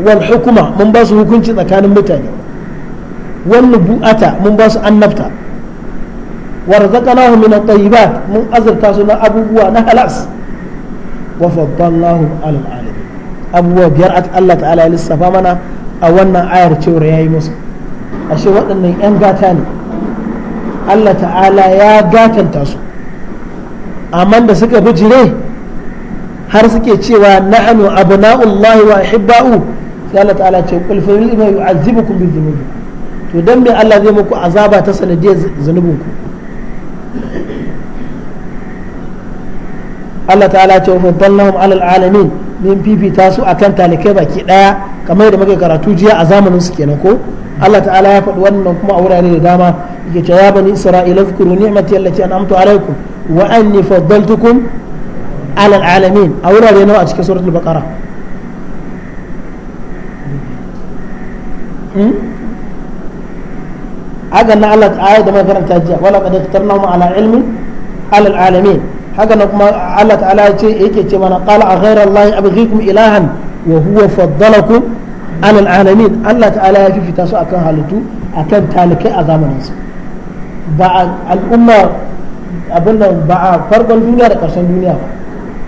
wal hukuma mun ba su hukunci tsakanin mutane wal nubu'ata mun ba su annabta warzaqnahu min at-tayyibat mun azurta su na abubuwa na halas wa faddalnahu ala alamin abubuwa biyar Allah ta'ala ya lissafa mana a wannan ayar cewar yayi musu ashe waɗannan yan gata ne Allah ta'ala ya gatanta su amma da suka bijire har suke cewa na'anu abna'ullahi wa hibba'u sai Allah ta'ala ce qul fa bima yu'azzibukum bi dhunubikum to dan me Allah zai muku azaba ta sanadiyar zunubinku Allah ta'ala ce wa faddalnahum 'alal 'alamin min fifita su akan talikai baki daya kamar da muke karatu jiya a zamanin su kenan ko Allah ta'ala ya faɗi wannan kuma a wurare da dama yake cewa ya bani isra'ila zkuru ni'mati allati an'amtu alaykum wa anni faddaltukum 'alal 'alamin a wurare nawa a cikin suratul baqara Hmm? haka na Allah ayat da makaranta jiya wala qad ikhtarnahum ala ilmin ala alamin haka na kuma Allah ta'ala ya ce yake ce mana qala a ghayra Allah ya abghikum ilahan wa huwa faddalakum alal alamin Allah ta'ala ya fifita su akan halittu akan talikai a zamanin su ba al'umma abin nan ba a farkon duniya da karshen duniya ba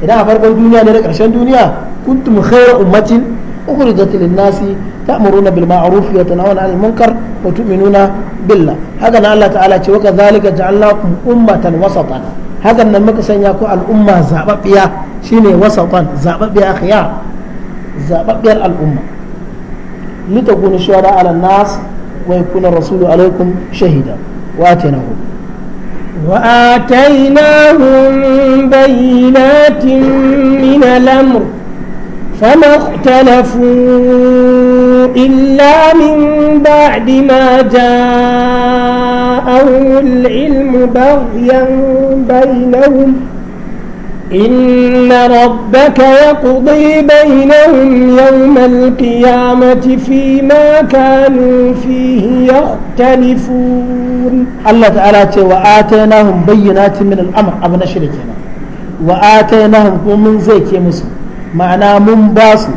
idan a farkon duniya ne da karshen duniya kuntum khayra ummatin أخرجت للناس تأمرون بالمعروف وتنهون عن المنكر وتؤمنون بالله هذا الله تعالى وكذلك جعلناكم أمة وسطا هذا من المكسن يكون الأمة زاببيا شيني وسطا زاببيا خيار زاببيا الأمة لتكون الشهداء على الناس ويكون الرسول عليكم شهيدا وآتيناهم وآتيناهم بينات من الأمر فما اختلفوا إلا من بعد ما جاءه العلم بغيا بينهم إن ربك يقضي بينهم يوم القيامة فيما كانوا فيه يختلفون الله تعالى وآتيناهم بينات من الأمر أبنى شركنا وآتيناهم ومن زيك مسلم ma'ana mun ba su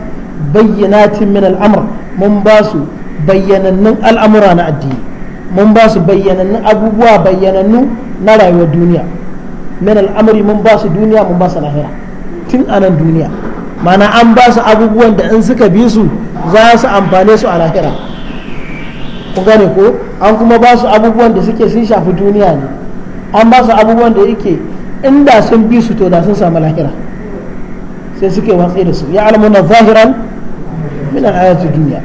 bayyanatin min al'amur mun ba su bayyanannun al'amura na addini mun ba su bayyanannun abubuwa bayyanannu na rayuwar duniya min al'amuri mun ba su duniya mun ba su lahira tun a nan duniya ma'ana an ba su abubuwan da in suka bi su za su amfane su a lahira ku gane ko an kuma ba su abubuwan da suke sun shafi duniya ne an ba su abubuwan da yake inda sun bi su to da sun samu lahira sai suke watsi da su ya alamuna zahiran min al'ayatu duniya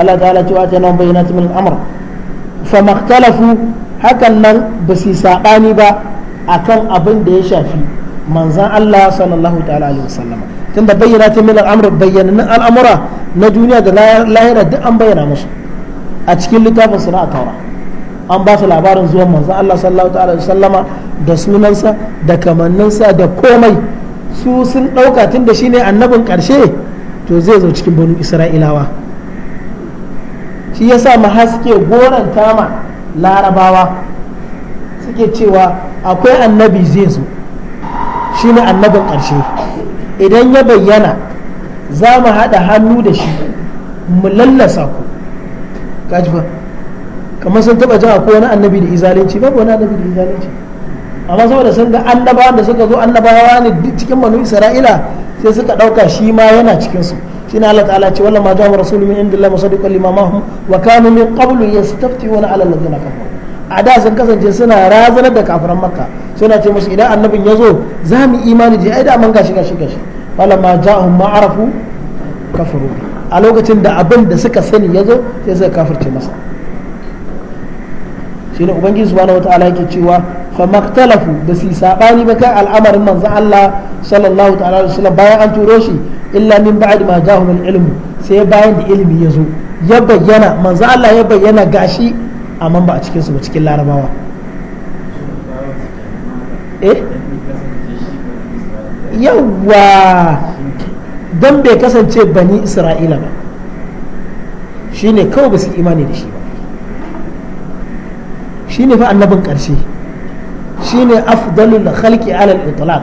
Allah ta'ala ta nan bayyana ta min fa hakan nan ba su saɓani ba akan abin da ya shafi manzan Allah sallallahu ta'ala alaihi bayyana ta min al'amura na duniya da lahira duk an bayyana musu a cikin littafin suna a an ba su labarin zuwan manzan Allah sallallahu ta'ala alaihi wasallama da sunansa da kamanninsa da komai su sun ɗauka tun da shi ne annabin ƙarshe to zai zo cikin banu isra'ilawa shi ya sa haske goron tama larabawa suke cewa akwai annabi zai zo shi ne annabin ƙarshe idan ya bayyana za mu haɗa hannu da shi mu lallasa ku kamar sun taɓa jawa ko wani annabi da izalinci babu wani annabi da izalinci amma saboda sun ga annabawan da suka zo annabawa ne cikin banu isra'ila sai suka dauka shi ma yana cikin su shine Allah ta'ala ce wallan ma ja'a rasulun min indillahi musaddiqan lima mahum wa kanu min qablu yastaftiuna ala alladhina kafaru a da sun kasance suna razanar da kafiran makka suna ce musu idan annabin ya zo za mu imani je ai da man gashi gashi gashi wallan ma ja'ahum ma arafu kafaru a lokacin da abin da suka sani ya zo sai suka kafirce masa shine ubangiji subhanahu wataala yake cewa famaktalafu da su saɓani ba kai al'amarin manzo Allah sallallahu ta'ala alaihi wasallam bayan an turo shi illa min ba'd ma jahum min ilm sai bayan da ilimi ya zo ya bayyana manzo Allah ya bayyana gashi amma ba a cikin su ba cikin larabawa eh yawa dan bai kasance bani isra'ila ba shine kawai ba su imani da shi ba shine fa annabin ƙarshe shine afdalul khalqi ala al-itlaq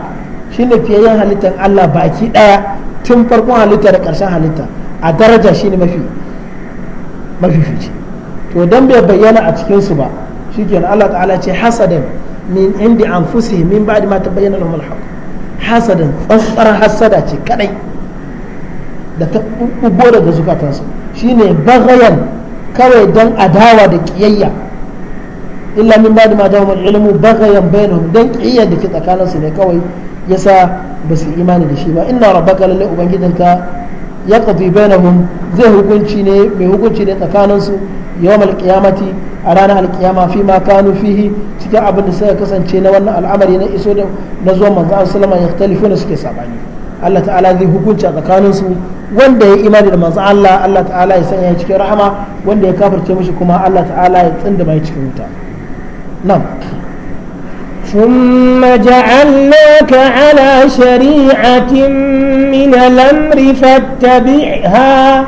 shine fiyayyen halittar Allah baki daya tun farkon halitta da karshen halitta a daraja shine mafi fice. to dan bai bayyana a cikin su ba shikenan Allah ta'ala ce hasadan min indi anfusihim min ba'di ma tabayyana lahum al-haq hasadan tsantsar hasada ce kadai da ta bugo daga zukatansu shine bagayan kawai don adawa da kiyayya illa min ba da ma dawo ilmu bagayan bainahum dan kiyar da ke tsakaninsu ne kawai sa ba su imani da shi ba inna rabbaka lalle ubangijinka ya qadi bainahum zai hukunci ne mai hukunci ne tsakanin su yawmal a ranar alkiyama fi ma kanu fihi cikin abin da suka kasance na wannan al'amari na iso da na zuwa manzo sallama ya talifuna suke sabani Allah ta'ala zai hukunci a tsakanin su wanda ya imani da manzo Allah Allah ta'ala ya sanya cikin rahama wanda ya kafirce mishi kuma Allah ta'ala ya tsinda mai cikin wuta نعم ثم جعلناك على شريعة من الأمر فاتبعها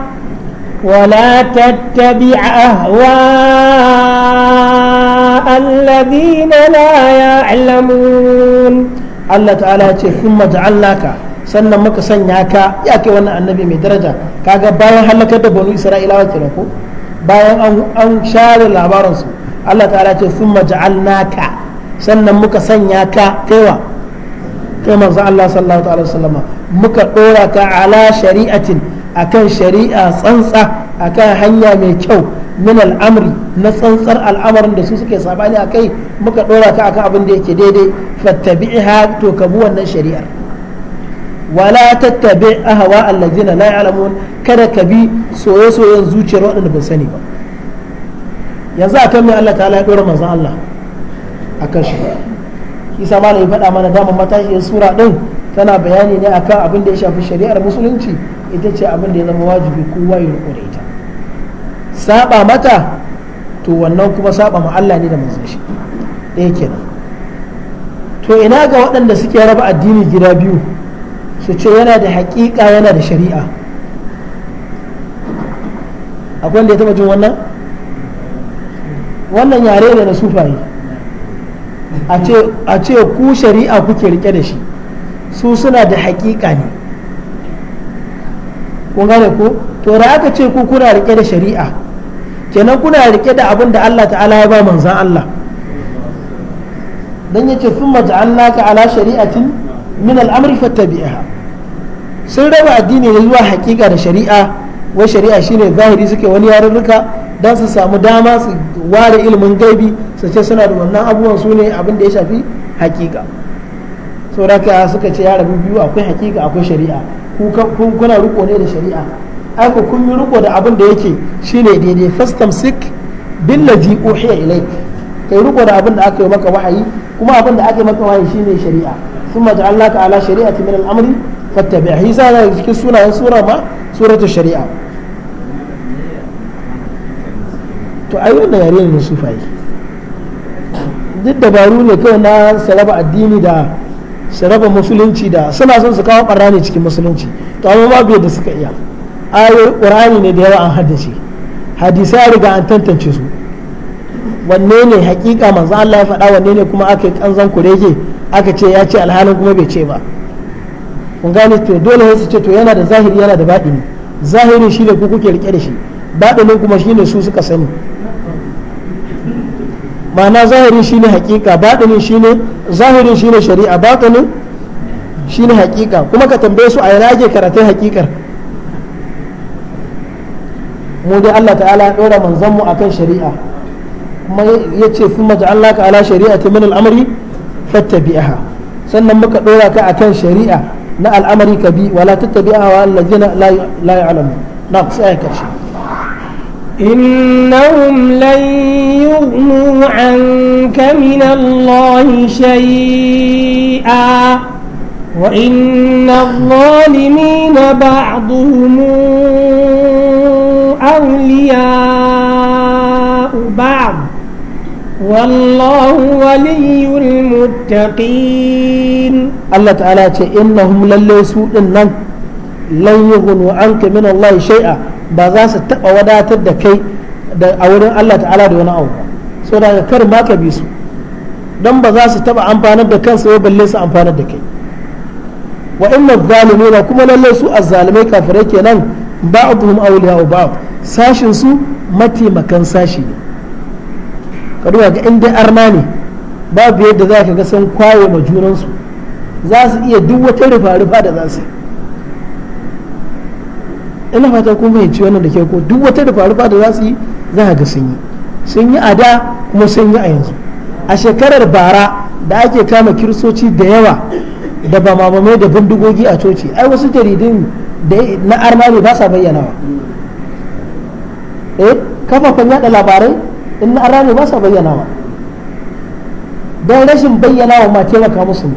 ولا تتبع أهواء الذين لا يعلمون الله تعالى ثم جعلناك sannan muka sanya ka ya kai wannan annabi mai daraja kaga bayan halakar da banu isra'ila kenan ko bayan an share labaransu Allah ta'ala ce sun maja'alnaka sannan muka sanya ka kaiwa kai manzo Allah sallallahu ta'ala sallama muka dora ka ala shari'atin akan shari'a tsantsa akan hanya mai kyau min al'amri na tsantsar al'amarin da su suke sabani a kai muka dora ka akan abin da yake daidai fattabi'iha to ka bi wannan shari'ar wala tattabi ahwa allazina la ya'lamun kada ka bi soye-soyen zuciyar waɗanda bai sani ba yanzu a kan mai Allah ta ya ɗora manzan Allah a kan shi isa ya faɗa mana damar matashiyar sura ɗin tana bayani ne akan abin da ya shafi shari'ar musulunci ita ce abin da ya zama wajibi kowa ya riko da ita saba mata to wannan kuma saba ma Allah ne da manzan shi ɗaya kenan to ina ga waɗanda suke raba addini gida biyu su ce yana da haƙiƙa yana da shari'a akwai wanda ya taɓa jin wannan wannan yare da na sufaye a ce ku shari'a kuke rike da shi su suna da hakika ne kun gane ku to da aka ce ku kuna rike da shari'a kenan kuna rike da abin da Allah ta'ala ya ba manzan Allah dan yace sun ka ala shari'atin min al'amri fattabi'aha sun raba addini ne zuwa hakika da shari'a wai shari'a shine zahiri suke wani yarurruka don su samu dama su ware ilimin gaibi su ce suna da wannan abubuwan su ne abin da ya shafi hakika ka suka ce ya rabu biyu akwai hakika akwai shari'a kuna riko ne da shari'a aiko kun yi riko da abin da yake shine daidai first fastamsik billazi uhiya ilaik kai riko da abin da aka yi maka wahayi kuma abin da aka yi maka wahayi shine shari'a ثم ala على min al-amri fattabi hisa na cikin sunayen sura ma suratu shari'a to yi wannan yare ne su sufai duk dabaru ne kawai na saraba addini da saraba musulunci da suna son su kawo ɓarra ne cikin musulunci to amma biyar da suka iya ayo ƙur'ani ne da yawa an haddace hadisai riga an tantance su wanne ne hakika manzo Allah ya faɗa wanne ne kuma aka yi kanzon kurege aka ce ya ce alhalin kuma bai ce ba kun gane to dole su ce to yana da zahiri yana da baɗini zahirin shi ne kuke rike da shi baɗinin kuma shi ne su suka sani ma'ana zahirin shi ne hakika baɗinin shi ne zahirin shi ne shari'a baɗinin shi ne hakika kuma ka tambaye su a yana ake karatun haƙiƙar mu dai Allah ta'ala ya ɗora manzon mu akan shari'a kuma ya ce fi ka ala shari'a ta min al'amari fattabi'aha sannan muka ɗora ka akan shari'a لا الأمر كبي ولا تتبع أهواء الذين لا لا يعلمون ناقص نعم، آية كرشي إنهم لن يغنوا عنك من الله شيئا وإن الظالمين بعضهم أولياء بعض wallahu wali yi allah ta'ala ce in na humna laisu ɗin nan anka min allah shai'a ba za su taɓa wadatar da kai a wurin allah ta'ala da wani abu. so daga karin baka bi su don ba za su taɓa amfanin da kansa ya balle su amfanin da kai wa in na zali kuma lallai su a zalumai kafar yake nan ba abu sashin su matimakan sashi ne. ka duba ga inda arna ne babu yadda za ka ga sun kwaye ma junansu za su iya duk wata rufa-rufa da za su ina fata kun fahimci wannan da ke ko duk wata rufa-rufa da za su yi za ka ga sun yi sun yi a da kuma sun yi a yanzu a shekarar bara da ake kama kirsoci da yawa da ba mamamai da bindigogi a coci ai wasu jaridun na armani ba sa bayyanawa eh kafafen yada labarai in na ara ba sa bayyana ba don rashin bayyana wa ma taimaka musu ne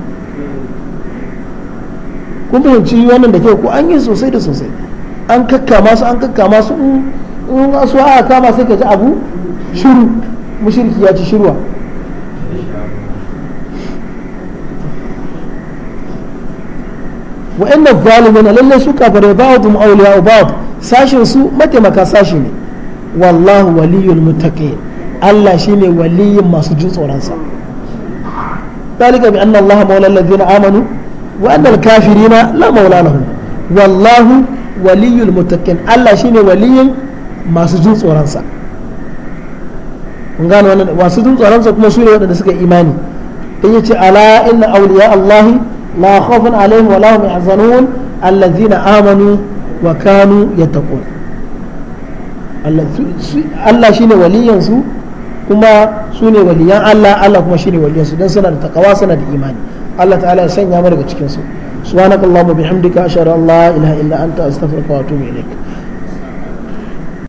kun fahimci wannan da kyau ko an yi sosai da sosai an kakkama su an kakkama su in asu aka kama sai ka ji abu shiru mushriki ya ci shirwa وإن الظالمين لله سكا فرباضهم أولياء بعض sashin su mataimaka sashi ne wallahu waliyul المتقين Allah shi ne waliyin masu jin tsoronsa ذلك بأن الله مولى الذين آمنوا وأن الكافرين لا مولى لهم والله ولي المتقين الله شيني ولي ما سجن صورانسا ngano wannan wasu jin tsoronsa kuma su ne waɗanda suka imani dan yace ala inna awliya Allah la khawfun alaihim wa lahum yahzanun allazina amanu wa kanu yattaqun Allah shi ne waliyan su kuma su ne waliyan Allah Allah kuma shine waliyan su dan suna da takawa suna da imani Allah ta'ala ya sanya mu daga cikin su subhanakallahumma bihamdika ashhadu an la ilaha illa anta astaghfiruka wa atubu ilaik